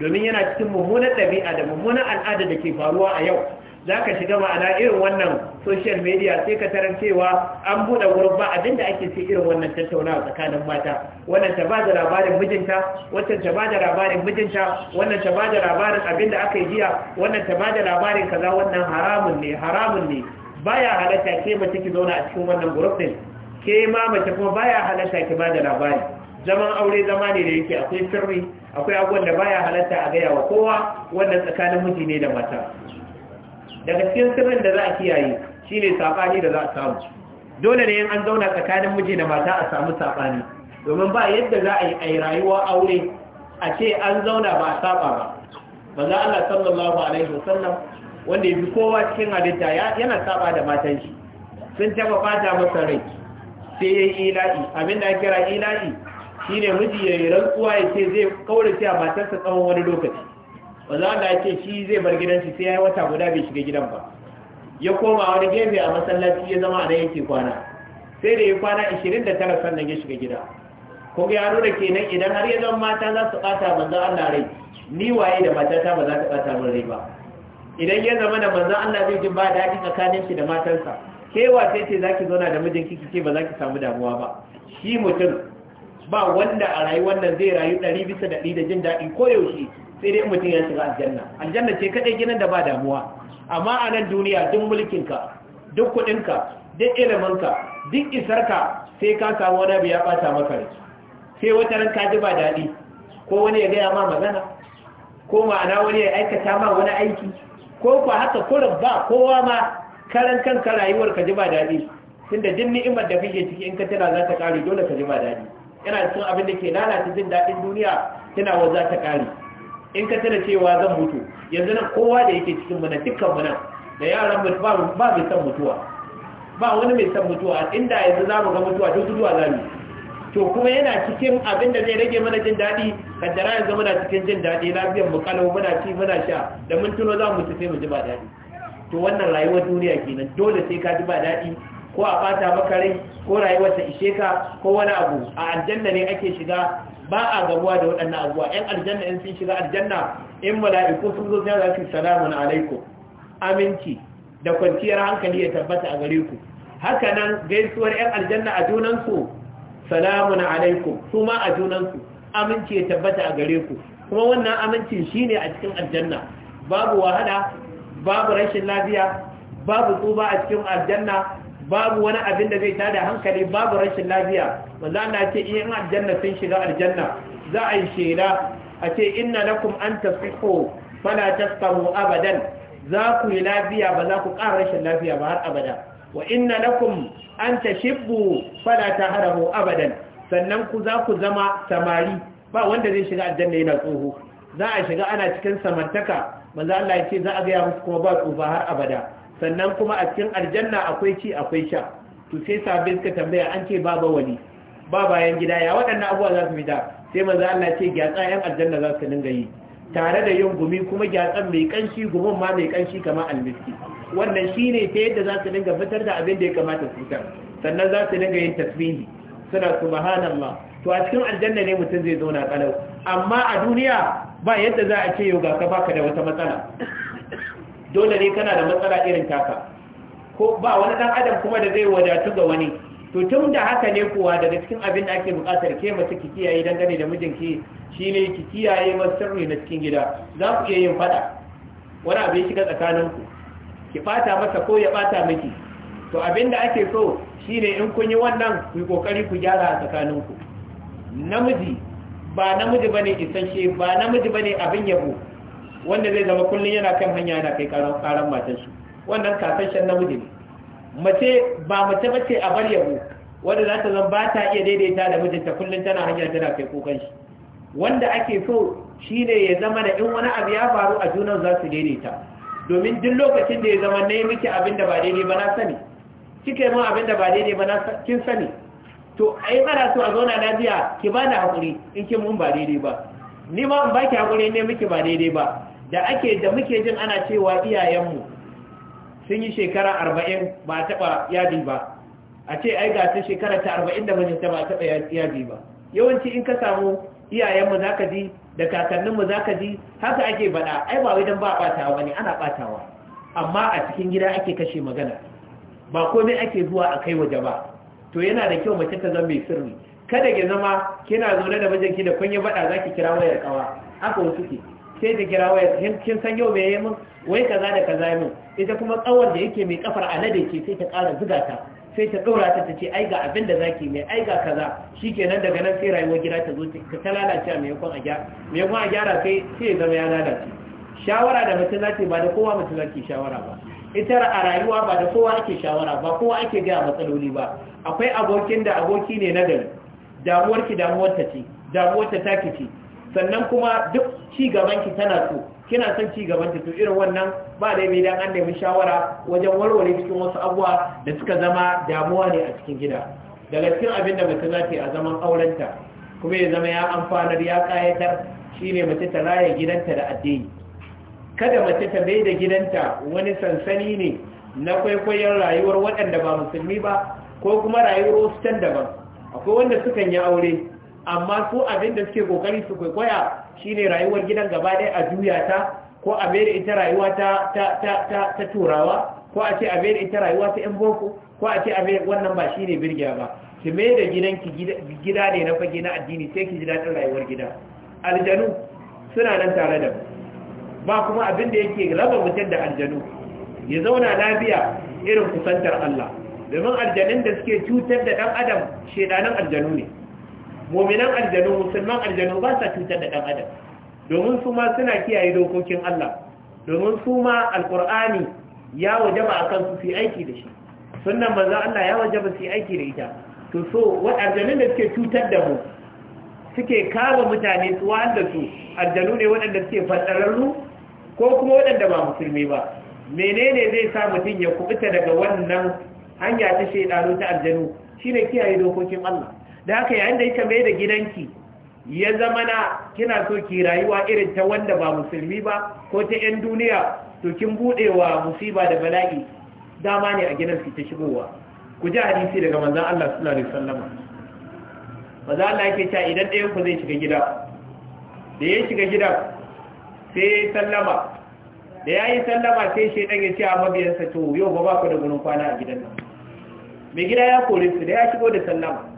domin yana cikin mummunar ɗabi'a da mummunan al'ada da ke faruwa a yau za ka shiga ma'ana irin wannan social media sai ka tarar cewa an buɗe wurin ba abin da ake ce irin wannan tattaunawa tsakanin mata wannan ta ba da labarin mijinta wannan ta ba da labarin mijinta wannan ta ba da labarin abin da aka yi jiya wannan ta ba da labarin kaza wannan haramun ne haramun ne baya halatta ke mace ki zauna a cikin wannan group din ke ma mace kuma baya halatta ki ba da labari zaman aure zama ne da yake akwai sirri akwai abubuwan da baya halatta a gaya wa kowa wannan tsakanin miji ne da mata daga cikin sirrin da za a kiyaye ne saɓani da za a samu dole ne in an zauna tsakanin miji da mata a samu saɓani, domin ba yadda za a yi a rayuwa aure a ce an zauna ba a saɓa ba manzo Allah sallallahu alaihi wasallam wanda yafi kowa cikin halitta yana saɓa da matan shi sun taba fata masa rai sai yayi ila'i da ake kira ila'i ne miji ya yi rantsuwa ya ce zai kaurace a matarsa tsawon wani lokaci manzo Allah ya ce shi zai bar gidan shi sai ya yi wata guda bai shiga gidan ba ya koma wani gefe a masallaci ya zama a nan yake kwana sai da ya kwana 29 sannan ya shiga gida ko ya nuna kenan idan har ya zama mata za su bata manzo Allah rai ni waye da matata ba za ta bata min rai ba idan ya zama da manzan Allah zai ji ba daɗi tsakanin shi da matarsa ke sai ce zaki zauna da mijinki kike ba za ki samu damuwa ba shi mutum ba wanda a rayuwar nan zai rayu ɗari bisa 100 da jin daɗi ko yaushe sai dai mutum ya shiga aljanna aljanna ce kadai ginin da ba damuwa amma a nan duniya duk mulkinka duk kudinka duk iliminka duk isarka sai ka samu wani abu ya bata maka rai sai wata ran ka ji ba daɗi ko wani ya gaya ma magana ko ma'ana wani ya aikata ma wani aiki ko ku haka kurin ba kowa ma karan kanka rayuwar ka ji ba daɗi tunda jin ni'imar da kake ciki in ka tana za ta ƙare dole ka ji ba daɗi yana cikin abin da ke lalata jin daɗin duniya tana wa za ta ƙare in ka tana cewa zan mutu yanzu nan kowa da yake cikin mana dukkan mana da yaran mu ba ba mai san mutuwa ba wani mai san mutuwa inda yanzu za mu ga mutuwa duk duwa za to kuma yana cikin abin da zai rage mana jin daɗi kaddara yanzu muna cikin jin daɗi lafiyar mu kalau muna ci muna sha da mun tuno za mu mutu sai mu ji ba daɗi to wannan rayuwar duniya kenan dole sai ka ji ba daɗi ko a fata maka rai ko rayuwar ta ishe ka ko wani abu a aljanna ne ake shiga ba a gabuwa da waɗannan abuwa ‘yan aljanna in sun shiga aljanna in mala'iku sun zo sai za su salamun alaikum aminci da kwanciyar hankali ya tabbata a gare ku haka nan gaisuwar ‘yan aljanna a junansu salamun alaikum su ma a junansu aminci ya tabbata a gare ku kuma wannan amincin shi ne a cikin aljanna babu wahala babu rashin lafiya babu tsuba a cikin aljanna babu wani abin da zai tada hankali babu rashin lafiya manzo na ce in aljanna sun shiga aljanna za a yi shaida a ce na lakum an tasfihu ta tasqamu abadan za ku yi lafiya ba za ku ƙara rashin lafiya ba har abada wa na lakum an tashibbu ta taharamu abadan sannan ku za ku zama samari ba wanda zai shiga aljanna yana tsoho za a shiga ana cikin samantaka manzo Allah ya ce za a ga musu kuma ba tsufa har abada sannan kuma a cikin aljanna akwai ci akwai sha to sai sabbin suka tambaya an ce baba wani ba bayan gida ya waɗannan abuwa za su fita sai maza Allah ce gyatsa yan aljanna za su dinga yi tare da yin gumi kuma gyatsan mai kanshi gumin ma mai kanshi kamar almiski wannan shine ta yadda za su dinga fitar da abin da ya kamata su fitar sannan za su dinga yin tasbihi suna subhanallah to a cikin aljanna ne mutum zai zauna kalau amma a duniya ba yadda za a ce yau ga ka baka da wata matsala dole ne kana da matsala irin taka ko ba wani dan adam kuma da zai wadatu ga wani to tun da haka ne kuwa daga cikin abin da ake bukatar ke mace ki kiyaye dangane da mijinki shine ki kiyaye masarri na cikin gida za ku iya yin faɗa? wani abu abin shiga ku ki bata masa ko ya bata miki to abin da ake so shine in kun yi wannan ku yi kokari ku gyara a tsakaninku namiji ba namiji bane isasshe ba namiji bane abin yabo wanda zai zama kullum yana kan hanya yana kai karan matar shi wannan kasashen namiji ne mace ba mace bace a bar yabo wanda za ta zama ba ta iya daidaita da mijinta kullum tana hanya tana kai kokan shi wanda ake so shi ne ya zama da in wani abu ya faru a junan za su daidaita domin duk lokacin da ya zama na yi miki abin da ba daidai ba na sani Cike mun abin da ba daidai ba na kin sani to a yi ana so a zauna lafiya ki bani da haƙuri in kin mun ba daidai ba ni ma in baki haƙuri ne miki ba daidai ba da ake da muke jin ana cewa iyayenmu sun yi shekara arba'in ba a taɓa yadi ba a ce ai ga ta shekara ta arba'in da mijinta ba a taɓa yadi ba yawanci in ka samu iyayenmu za ka ji da kakanninmu za ka ji haka ake baɗa ai ba wai ba ba ɓatawa ba ne ana ɓatawa amma a cikin gida ake kashe magana ba komai ake zuwa a kai waje ba to yana da kyau mace ta zama mai sirri kada ki zama kina zaune da mijinki da kun yi baɗa za ki kira wayar kawa haka wasu ke sai ta kira waya kin san yau mai mun wai kaza da kaza mun ita kuma tsawar da yake mai kafar alade ce sai ta ƙara zuga ta sai ta ɗora ta tace ai ga abin da zaki mai ai ga kaza shikenan daga nan sai rayuwar gida ta zo ta lalace a maimakon a gyara maimakon a gyara kai sai ya zama ya lalace shawara da mutum zaki ba da kowa mutum zaki shawara ba ita a rayuwa ba da kowa ake shawara ba kowa ake gaya matsaloli ba akwai abokin da aboki ne na gari damuwarki damuwar ta ce damuwar ta take ce sannan kuma duk ci gaban ki tana so kina son ci gaban ta to irin wannan ba da mai dan an nemi shawara wajen warware cikin wasu abuwa da suka zama damuwa ne a cikin gida daga cikin abin da mutum za ta a zaman aurenta kuma ya zama ya amfanar ya kayatar shine mace ta raya gidanta da addini kada mace ta bai da gidanta wani sansani ne na kwaikwayon rayuwar waɗanda ba musulmi ba ko kuma rayuwar wasu can daban akwai wanda sukan yi aure amma ko abin da suke kokari su kwaikwaya shine rayuwar gidan gaba ɗaya a juya ta ko a da ita rayuwa ta ta turawa ko a ce a da ita rayuwa ta yan boko ko a ce a wannan ba shine birgiya ba ki mai da gidanki gida ne na fage na addini sai ki ji daɗin rayuwar gida aljanu suna nan tare da ba kuma abin da yake raba mutum da aljanu ya zauna lafiya irin kusantar Allah domin aljanun da suke cutar da ɗan adam shedanan aljanu ne mominan aljanu musulman aljanu ba sa cutar da ɗan adam domin su ma suna kiyaye dokokin Allah domin su ma alkur'ani ya wajaba a kansu su aiki da shi sunan manzon Allah ya wajaba su aiki da ita to so waɗannan da suke cutar da mu suke kama mutane su wanda su aljanu ne waɗanda suke fadararru ko kuma waɗanda ba musulmi ba menene zai sa mutum ya kubuta daga wannan hanya ta shaidanu ta aljanu shine kiyaye dokokin Allah da haka yayin da yake mai da gidanki ya zama na kina so ki rayuwa irin ta wanda ba musulmi ba ko ta 'yan duniya to kin budewa musiba da bala'i dama ne a gidansu ta shigowa ku ji hadisi daga manzan Allah sallallahu alaihi wasallam manzan Allah yake cewa idan ɗayan ku zai shiga gida da ya shiga gida sai sallama da yayi sallama sai shedan ya ce a mabiyansa to yau ba ba ku da gurin kwana a gidan nan mai gida ya kore su da ya shigo da sallama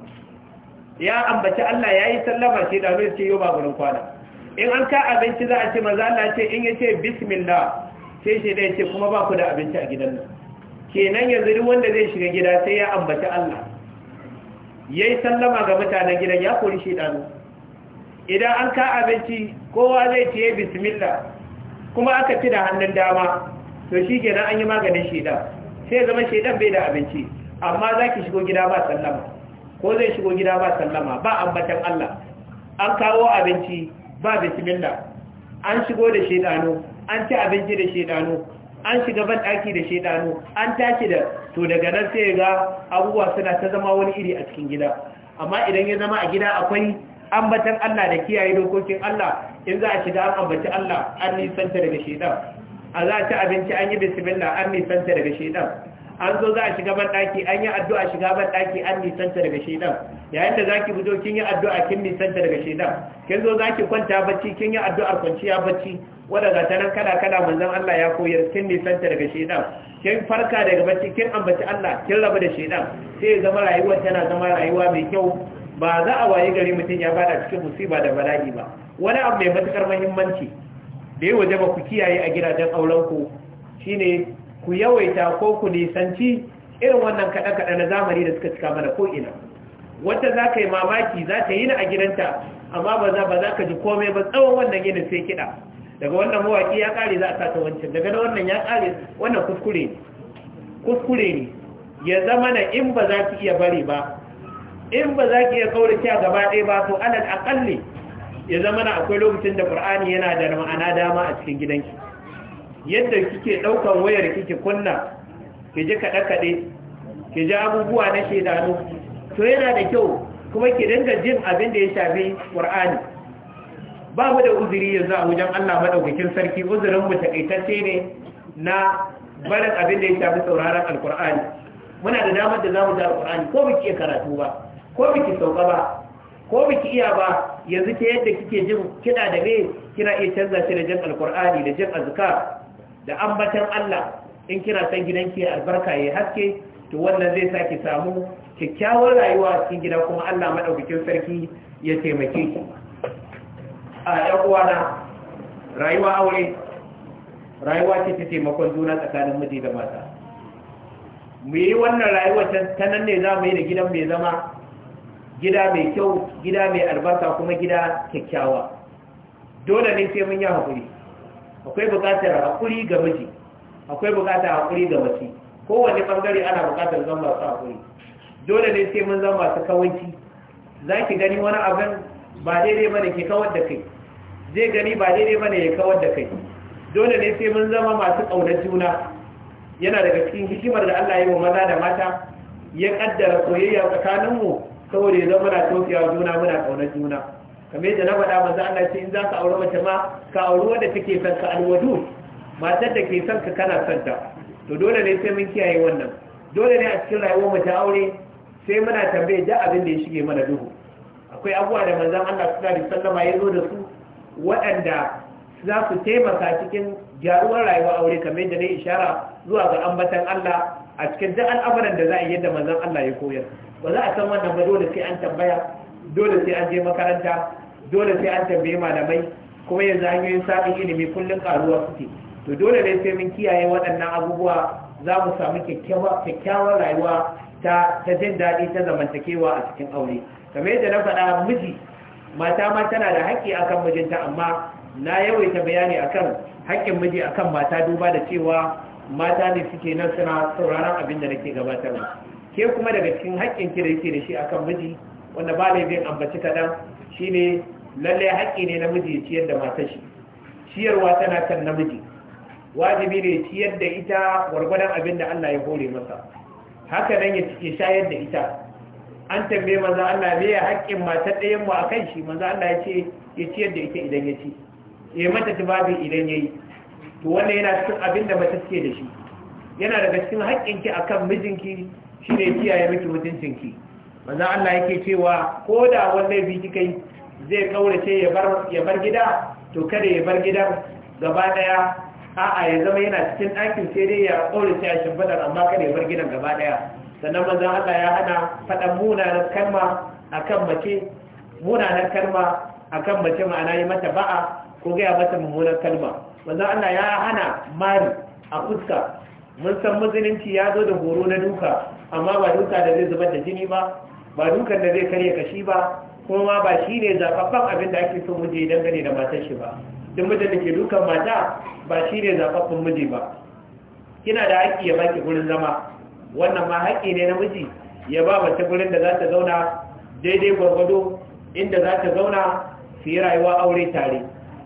ya ambaci Allah ya yi sallama ce da abinci yau ba gurin kwana in an ka abinci za a ce maza Allah ce in ya ce bismillah sai shi da ce kuma ba ku da abinci a gidan nan kenan yanzu duk wanda zai shiga gida sai ya ambaci Allah ya yi sallama ga mutanen gidan ya kori shi ɗanu idan an ka abinci kowa zai ce bismillah kuma aka fi da hannun dama to shi kenan an yi maganin shaidan sai zama shaidan bai da abinci amma za ki shigo gida ba sallama ko zai shigo gida ba sallama ba ambatan Allah an kawo abinci ba bismillah an shigo da shedano an ci abinci da shedano an shiga ban daki da shedano an tashi da to daga nan sai ga abubuwa suna ta zama wani iri a cikin gida amma idan ya zama a gida akwai ambatan Allah da kiyaye dokokin Allah in za a shiga an ambaci Allah an nisanta daga shedan a za a ci abinci an yi bismillah an nisanta daga shedan an zo za a shiga ban daki an yi addu'a shiga ban daki an nisanta daga shedan yayin da zaki fito kin yi addu'a kin nisanta daga shedan kin zo zaki kwanta bacci kin yi addu'ar kwanciya bacci wanda ga tanan kala kala manzon Allah ya koyar kin nisanta daga shedan kin farka daga bacci kin ambaci Allah kin raba da shedan sai zama rayuwa tana zama rayuwa mai kyau ba za a waye gari mutum ya bada cikin musiba da bala'i ba wani abu mai matukar muhimmanci da ya waje ba ku kiyaye a gidajen aurenku shine ku yawaita ko ku nisanci irin wannan kaɗa kaɗan na zamani da suka cika mana ko'ina wata za ka yi mamaki za ta yi na a gidanta amma ba za ka ji komai ba tsawon wannan yin sai kiɗa daga wannan mawaki ya ƙare za a sata wancan daga na wannan ya ƙare wannan kuskure ne kuskure ne ya zama na in ba za ki iya bari ba in ba za ki iya kaurace a gaba ɗaya ba to alal akalli ya zama na akwai lokacin da ƙur'ani yana da ma'ana dama a cikin gidanki yadda kike ɗaukan wayar kike kunna ke ji kaɗe-kaɗe ke ji abubuwa na shedanu to yana da kyau kuma ke dinga jin abin da ya shafi ƙur'ani ba mu da uzuri yanzu a wajen Allah madaukakin sarki uzurin mu takaitacce ne na barin abin da ya shafi sauraron alƙur'ani muna da damar da za mu ji alƙur'ani ko biki karatu ba ko biki sauka ba ko biki iya ba yanzu ta yadda kike jin kina da me kina iya canza shi da jin alƙur'ani da jin azkar da ambatan Allah in kira san gidanki albarka ya haske to wannan zai sa samu kyakkyawar rayuwa a cikin gida kuma Allah madaukakin sarki ya taimake ki a ƴan uwana rayuwa aure rayuwa ce ta taimakon juna tsakanin miji da mata mu yi wannan rayuwa ta nan ne za mu yi da gidan mai zama gida mai kyau gida mai albarka kuma gida kyakkyawa dole ne sai mun yi haƙuri akwai buƙatar haƙuri ga miji akwai buƙatar haƙuri ga mace kowane ɓangare ana buƙatar zan masu haƙuri dole ne sai mun zama masu kawanci za ki gani wani abin ba daidai ne ke kawar da kai zai gani ba daidai ne ya kawar da kai dole ne sai mun zama masu ƙaunar juna yana daga cikin hikimar da Allah ya yi wa maza da mata ya ƙaddara soyayya tsakaninmu saboda ya zama muna tofiya juna muna ƙaunar juna kamar yadda na faɗa Maza Allah ce in za ka auri mace ma ka aure wadda take son ka alwadu matar da ke son ka kana son ta to dole ne sai mun kiyaye wannan dole ne a cikin rayuwar mu ta aure sai muna tambaye da abin da ya shige mana duhu akwai abuwa da manzon Allah sallallahu alaihi wasallama ya zo da su waɗanda za su taimaka cikin gyaruwar rayuwar aure kamar yadda na ishara zuwa ga ambatan Allah a cikin duk al'amuran da za a yi yadda manzon Allah ya koyar ba za a san wannan ba dole sai an tambaya dole sai an je makaranta dole sai an tambaye malamai kuma yanzu hanyoyin samun ilimi kullum karuwa suke to dole ne sai mun kiyaye waɗannan abubuwa za mu samu kyakkyawar rayuwa ta ta jin daɗi ta zamantakewa a cikin aure kamar yadda na faɗa miji mata ma tana da haƙƙi akan mijinta amma na yawaita bayani akan haƙƙin miji akan mata duba da cewa mata ne suke nan suna sauraron abin da nake gabatarwa ke kuma daga cikin haƙƙin ki da yake da shi akan miji wanda ba laifin ambaci shi shine lallai haƙƙi ne namiji ya ciyar da matar shi ciyarwa tana kan namiji wajibi ne ciyar da ita gwargwadon abin da Allah ya hore masa haka nan ya cike shayar da ita an tambaye maza Allah me ya haƙƙin matar ɗayan mu akan shi maza Allah ya ce ya ciyar da ita idan ya ci ya mata tubabi idan yayi to wannan yana cikin abin da mace take da shi yana daga cikin haƙƙinki akan mijinki shine kiyaye miki mutuncinki maza Allah yake cewa ko da wanda bi kika yi zai kaurace ya bar gida to kada ya bar gidan gaba daya a'a ya zama yana cikin ɗakin sai dai ya kaurace ya shimfada amma kada ya bar gidan gaba daya sannan maza Allah ya hana faɗan munanan kalma kan mace munanan kalma akan mace ma'ana yi mata ba'a ko gaya mata mummunan kalma maza Allah ya hana mari a fuska mun san musulunci ya zo da horo na duka amma ba duka da zai zubar da jini ba ba dukan da zai karya kashi ba kuma ma ba shi ne zaɓaɓɓen abin da ake so miji dangane da matar shi ba duk mijin da ke dukan mata ba shi ne zaɓaɓɓen miji ba kina da haƙƙi ya baki gurin zama wannan ma haƙƙi ne na miji ya ba mace gurin da za ta zauna daidai gwargwado inda za ta zauna su yi rayuwa aure tare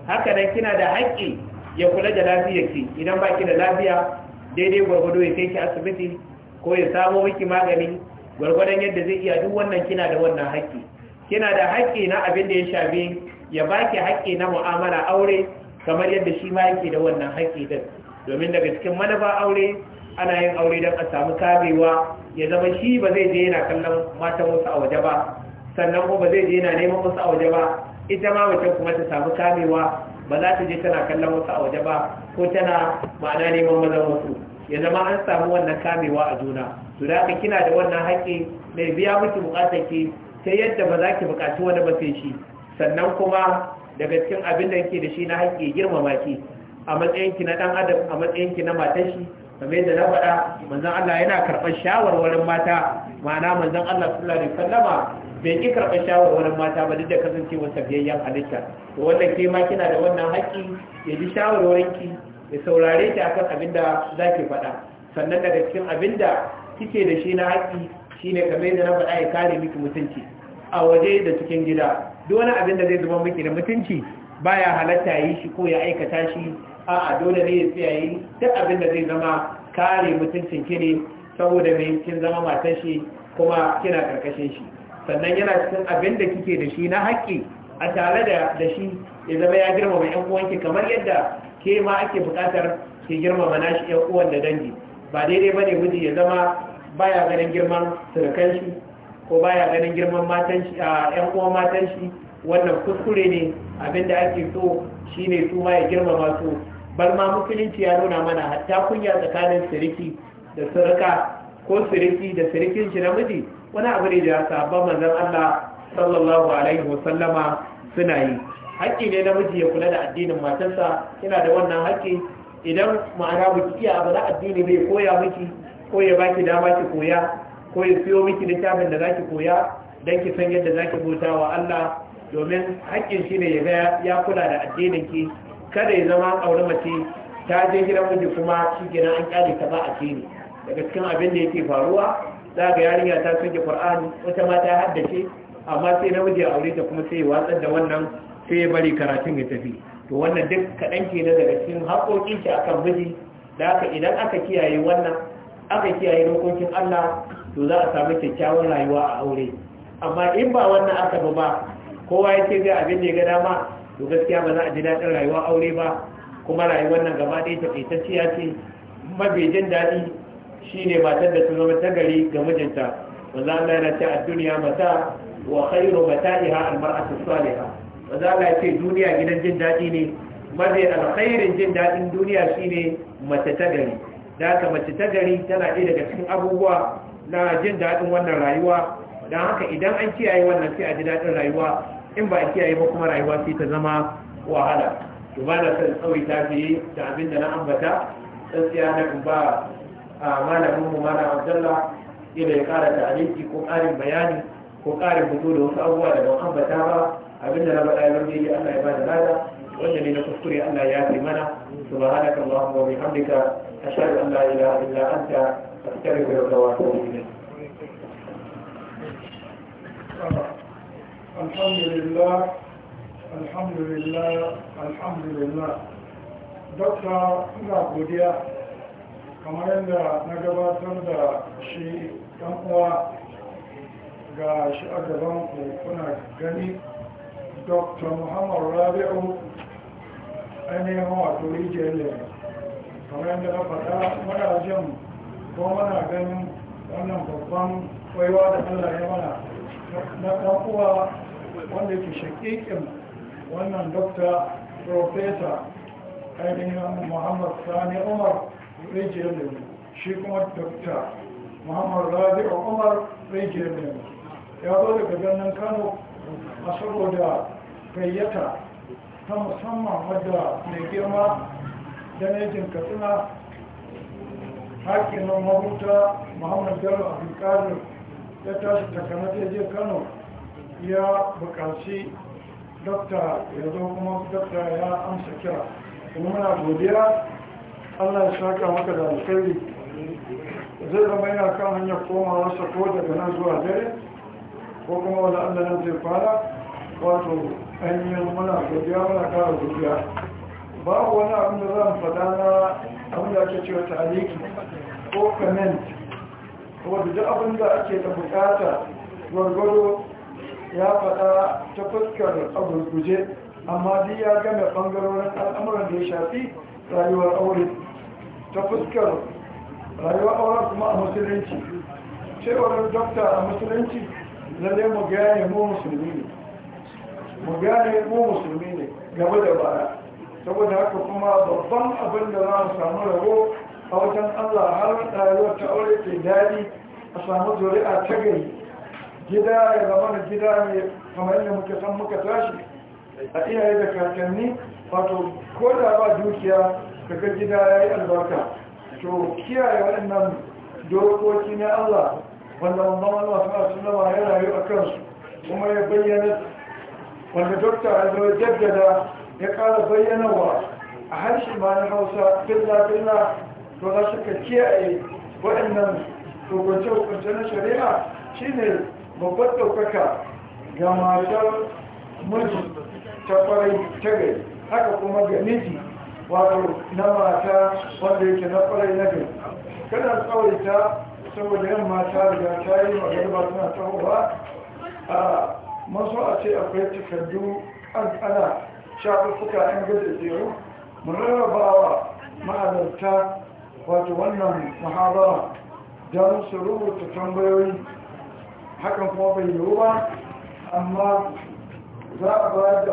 haka nan kina da haƙƙi ya kula da lafiyar ki, idan baki da lafiya daidai gwargwado ya kai ki asibiti ko ya samo miki magani gwargwadon yadda zai iya duk wannan kina da wannan haƙƙi kina da haƙƙi na abin da ya shafi ya baki haƙƙi na mu'amala aure kamar yadda shi ma yake da wannan haƙƙi din domin daga cikin manufa aure ana yin aure don a samu kamewa ya zama shi ba zai je yana kallon matan wasu a waje ba sannan ko ba zai je yana neman wasu a waje ba ita ma wace kuma ta samu karewa ba za ta je tana kallon wasu a waje ba ko tana ma'ana neman mazan wasu ya zama an samu wannan kamewa a juna to da haka kina da wannan haƙƙi mai biya miki buƙatar ki ta yadda ba za ki buƙaci wani ba sai shi sannan kuma daga cikin abin da yake da shi na haƙƙi girmama ki a matsayin na dan adam a matsayin na matar shi kamar yadda na faɗa manzon Allah yana karɓar shawarwarin mata ma'ana manzon Allah sallallahu alaihi wasallam bai ki karɓar shawarwarin mata ba duk da kasancewar tafiyayyen halitta to wannan ke ma kina da wannan haƙƙi ya ji shawarwarin ki ya saurare ta akan abin da za ki faɗa sannan daga cikin abin da kike da shi na haƙi shine kamar yadda na faɗa ya kare miki mutunci a waje da cikin gida duk wani abin da zai zama miki da mutunci baya halatta yi shi ko ya aikata shi a'a dole ne ya tsaya yi duk abin da zai zama kare mutuncin ki ne saboda mai kin zama matar shi kuma kina karkashin shi sannan yana cikin abin da kike da shi na haƙƙi a tare da shi ya zama ya girmama 'yan uwanki kamar yadda ke ma ake bukatar ke girmama nashi yan uwan da dangi ba daidai ba ne miji ya zama baya ganin girman surukan shi ko baya ganin girman matan shi yan uwan matan shi wannan kuskure ne abinda ake so shine su ma ya girmama su bar ma musulunci ya nuna mana hatta kunya tsakanin siriki da suruka ko siriki da sirikin shi namiji wani abu ne da sabon manzon Allah sallallahu alaihi wasallama suna yi haƙƙi ne na namiji ya kula da addinin matarsa yana da wannan haƙƙi idan ma'ana ba ki iya abu na addini bai koya miki ko ya baki dama ki koya ko ya siyo miki littafin da zaki koya dan ki san yadda zaki bauta wa Allah domin haƙƙin shi ne ya ga ya kula da addinin ki kada ya zama aure mace ta je gidan miji kuma shi gina an kyale ta ba a addini daga cikin abin da yake faruwa za ga yarinya ta sanke Qur'ani wata mata ya haddace amma sai namiji aure ta kuma sai ya watsar da wannan sai ya bari karatun ya tafi to wannan duk kaɗan ke na daga cikin haƙoƙin shi akan miji da aka idan aka kiyaye wannan aka kiyaye dokokin Allah to za a samu kyakkyawan rayuwa a aure amma in ba wannan aka ba ba kowa ya ce zai abin da ya ga dama to gaskiya ba za a ji daɗin rayuwa aure ba kuma rayuwar nan gaba ɗaya taƙaitacciya ce Mabejin daɗi shine matar da su zama ta ga mijinta wanda Allah ce a duniya mata wa khairu mata'iha al-mar'atu salihah maza Allah ce duniya gidan jin daɗi ne mafi alkhairin jin daɗin duniya shine mace ta gari da mace ta gari tana ɗaya daga cikin abubuwa na jin daɗin wannan rayuwa don haka idan an kiyaye wannan sai a ji daɗin rayuwa in ba a kiyaye ba kuma rayuwa sai ta zama wahala to ba na san ta fiye da abin da na ambata tsatsiya na in ba a malamin mu malam abdallah ila ya ƙara tariki ko ƙarin bayani ko ƙarin fito da wasu abubuwa da ban ambata ba أبدنا بلا يرجي أن عباد هذا وجني نكفر أن ياتي منا سبحانك اللهم وبحمدك أشهد أن لا إله إلا أنت أستغفرك وأتوب إليك. الحمد لله الحمد لله الحمد لله على رسول الله. kamar yadda na gabatar da shi uwa ga shi a gaban dr muhammadu rabi'u ainihin wato rijiyar lera kamar yadda na faɗa mana jin ko mana ganin wannan babban kwaiwa da allah ya mana na ɗan'uwa wanda ke shakikin wannan dr professor ainihin muhammad sani umar rijiyar lera shi kuma dr muhammad rabi'u umar rijiyar lera ya zo daga ganin kano a saboda gayyata ta musamman wadda mai girma danejin katsina nan mahuta muhammad bello abdulkadir ya tashi takamata je kano ya bukaci dokta ya zo kuma dokta ya amsa kira kuma muna godiya allah ya shaka maka da alkhairi zai zama yana kan hanyar komawa sako daga nan zuwa dare ko kuma wanda allah nan zai fara wato ainihin muna godiya muna kara godiya babu wani abin da zan faɗa na abin da ake cewa taliki ko comment wadda duk abin da ake da bukata gwargwado ya faɗa ta fuskar abu guje amma duk ya gane ɓangarorin al'amuran da ya shafi rayuwar aure ta fuskar rayuwar auren kuma a musulunci cewar dokta a musulunci lalle mu gane mu musulmi ne mu gane mu musulmi ne gaba da baya saboda haka kuma babban abin da za mu samu rabo a wajen allah har rayuwar ta aure ke daɗi a samu zuri'a ta gari gida ya zama da gida mai kamar yadda muka san muka tashi a iyaye da kakanni wato ko da ba dukiya daga gida ya yi albarka to kiyaye waɗannan dokoki na allah wanda mamman wasu masu nama ya rayu a kansu kuma ya bayyana wanda dokta azo jaddada ya kara bayyanawa a harshen ma na hausa filla-filla to za su ka kiyaye waɗannan hukunce-hukunce na shari'a shine babbar ɗaukaka ga matar miji ta farai ta gari haka kuma ga miji wato na mata wanda yake na farai na gari kana tsawaita saboda yan mata da ta yi magana ba suna tahowa a masu a ce akwai takardu an ana shafuffuka an gaza zero mu wa ma'azarta wato wannan muhabara don su rubuta tambayoyi hakan kuma bai yiwu ba amma za a bayar da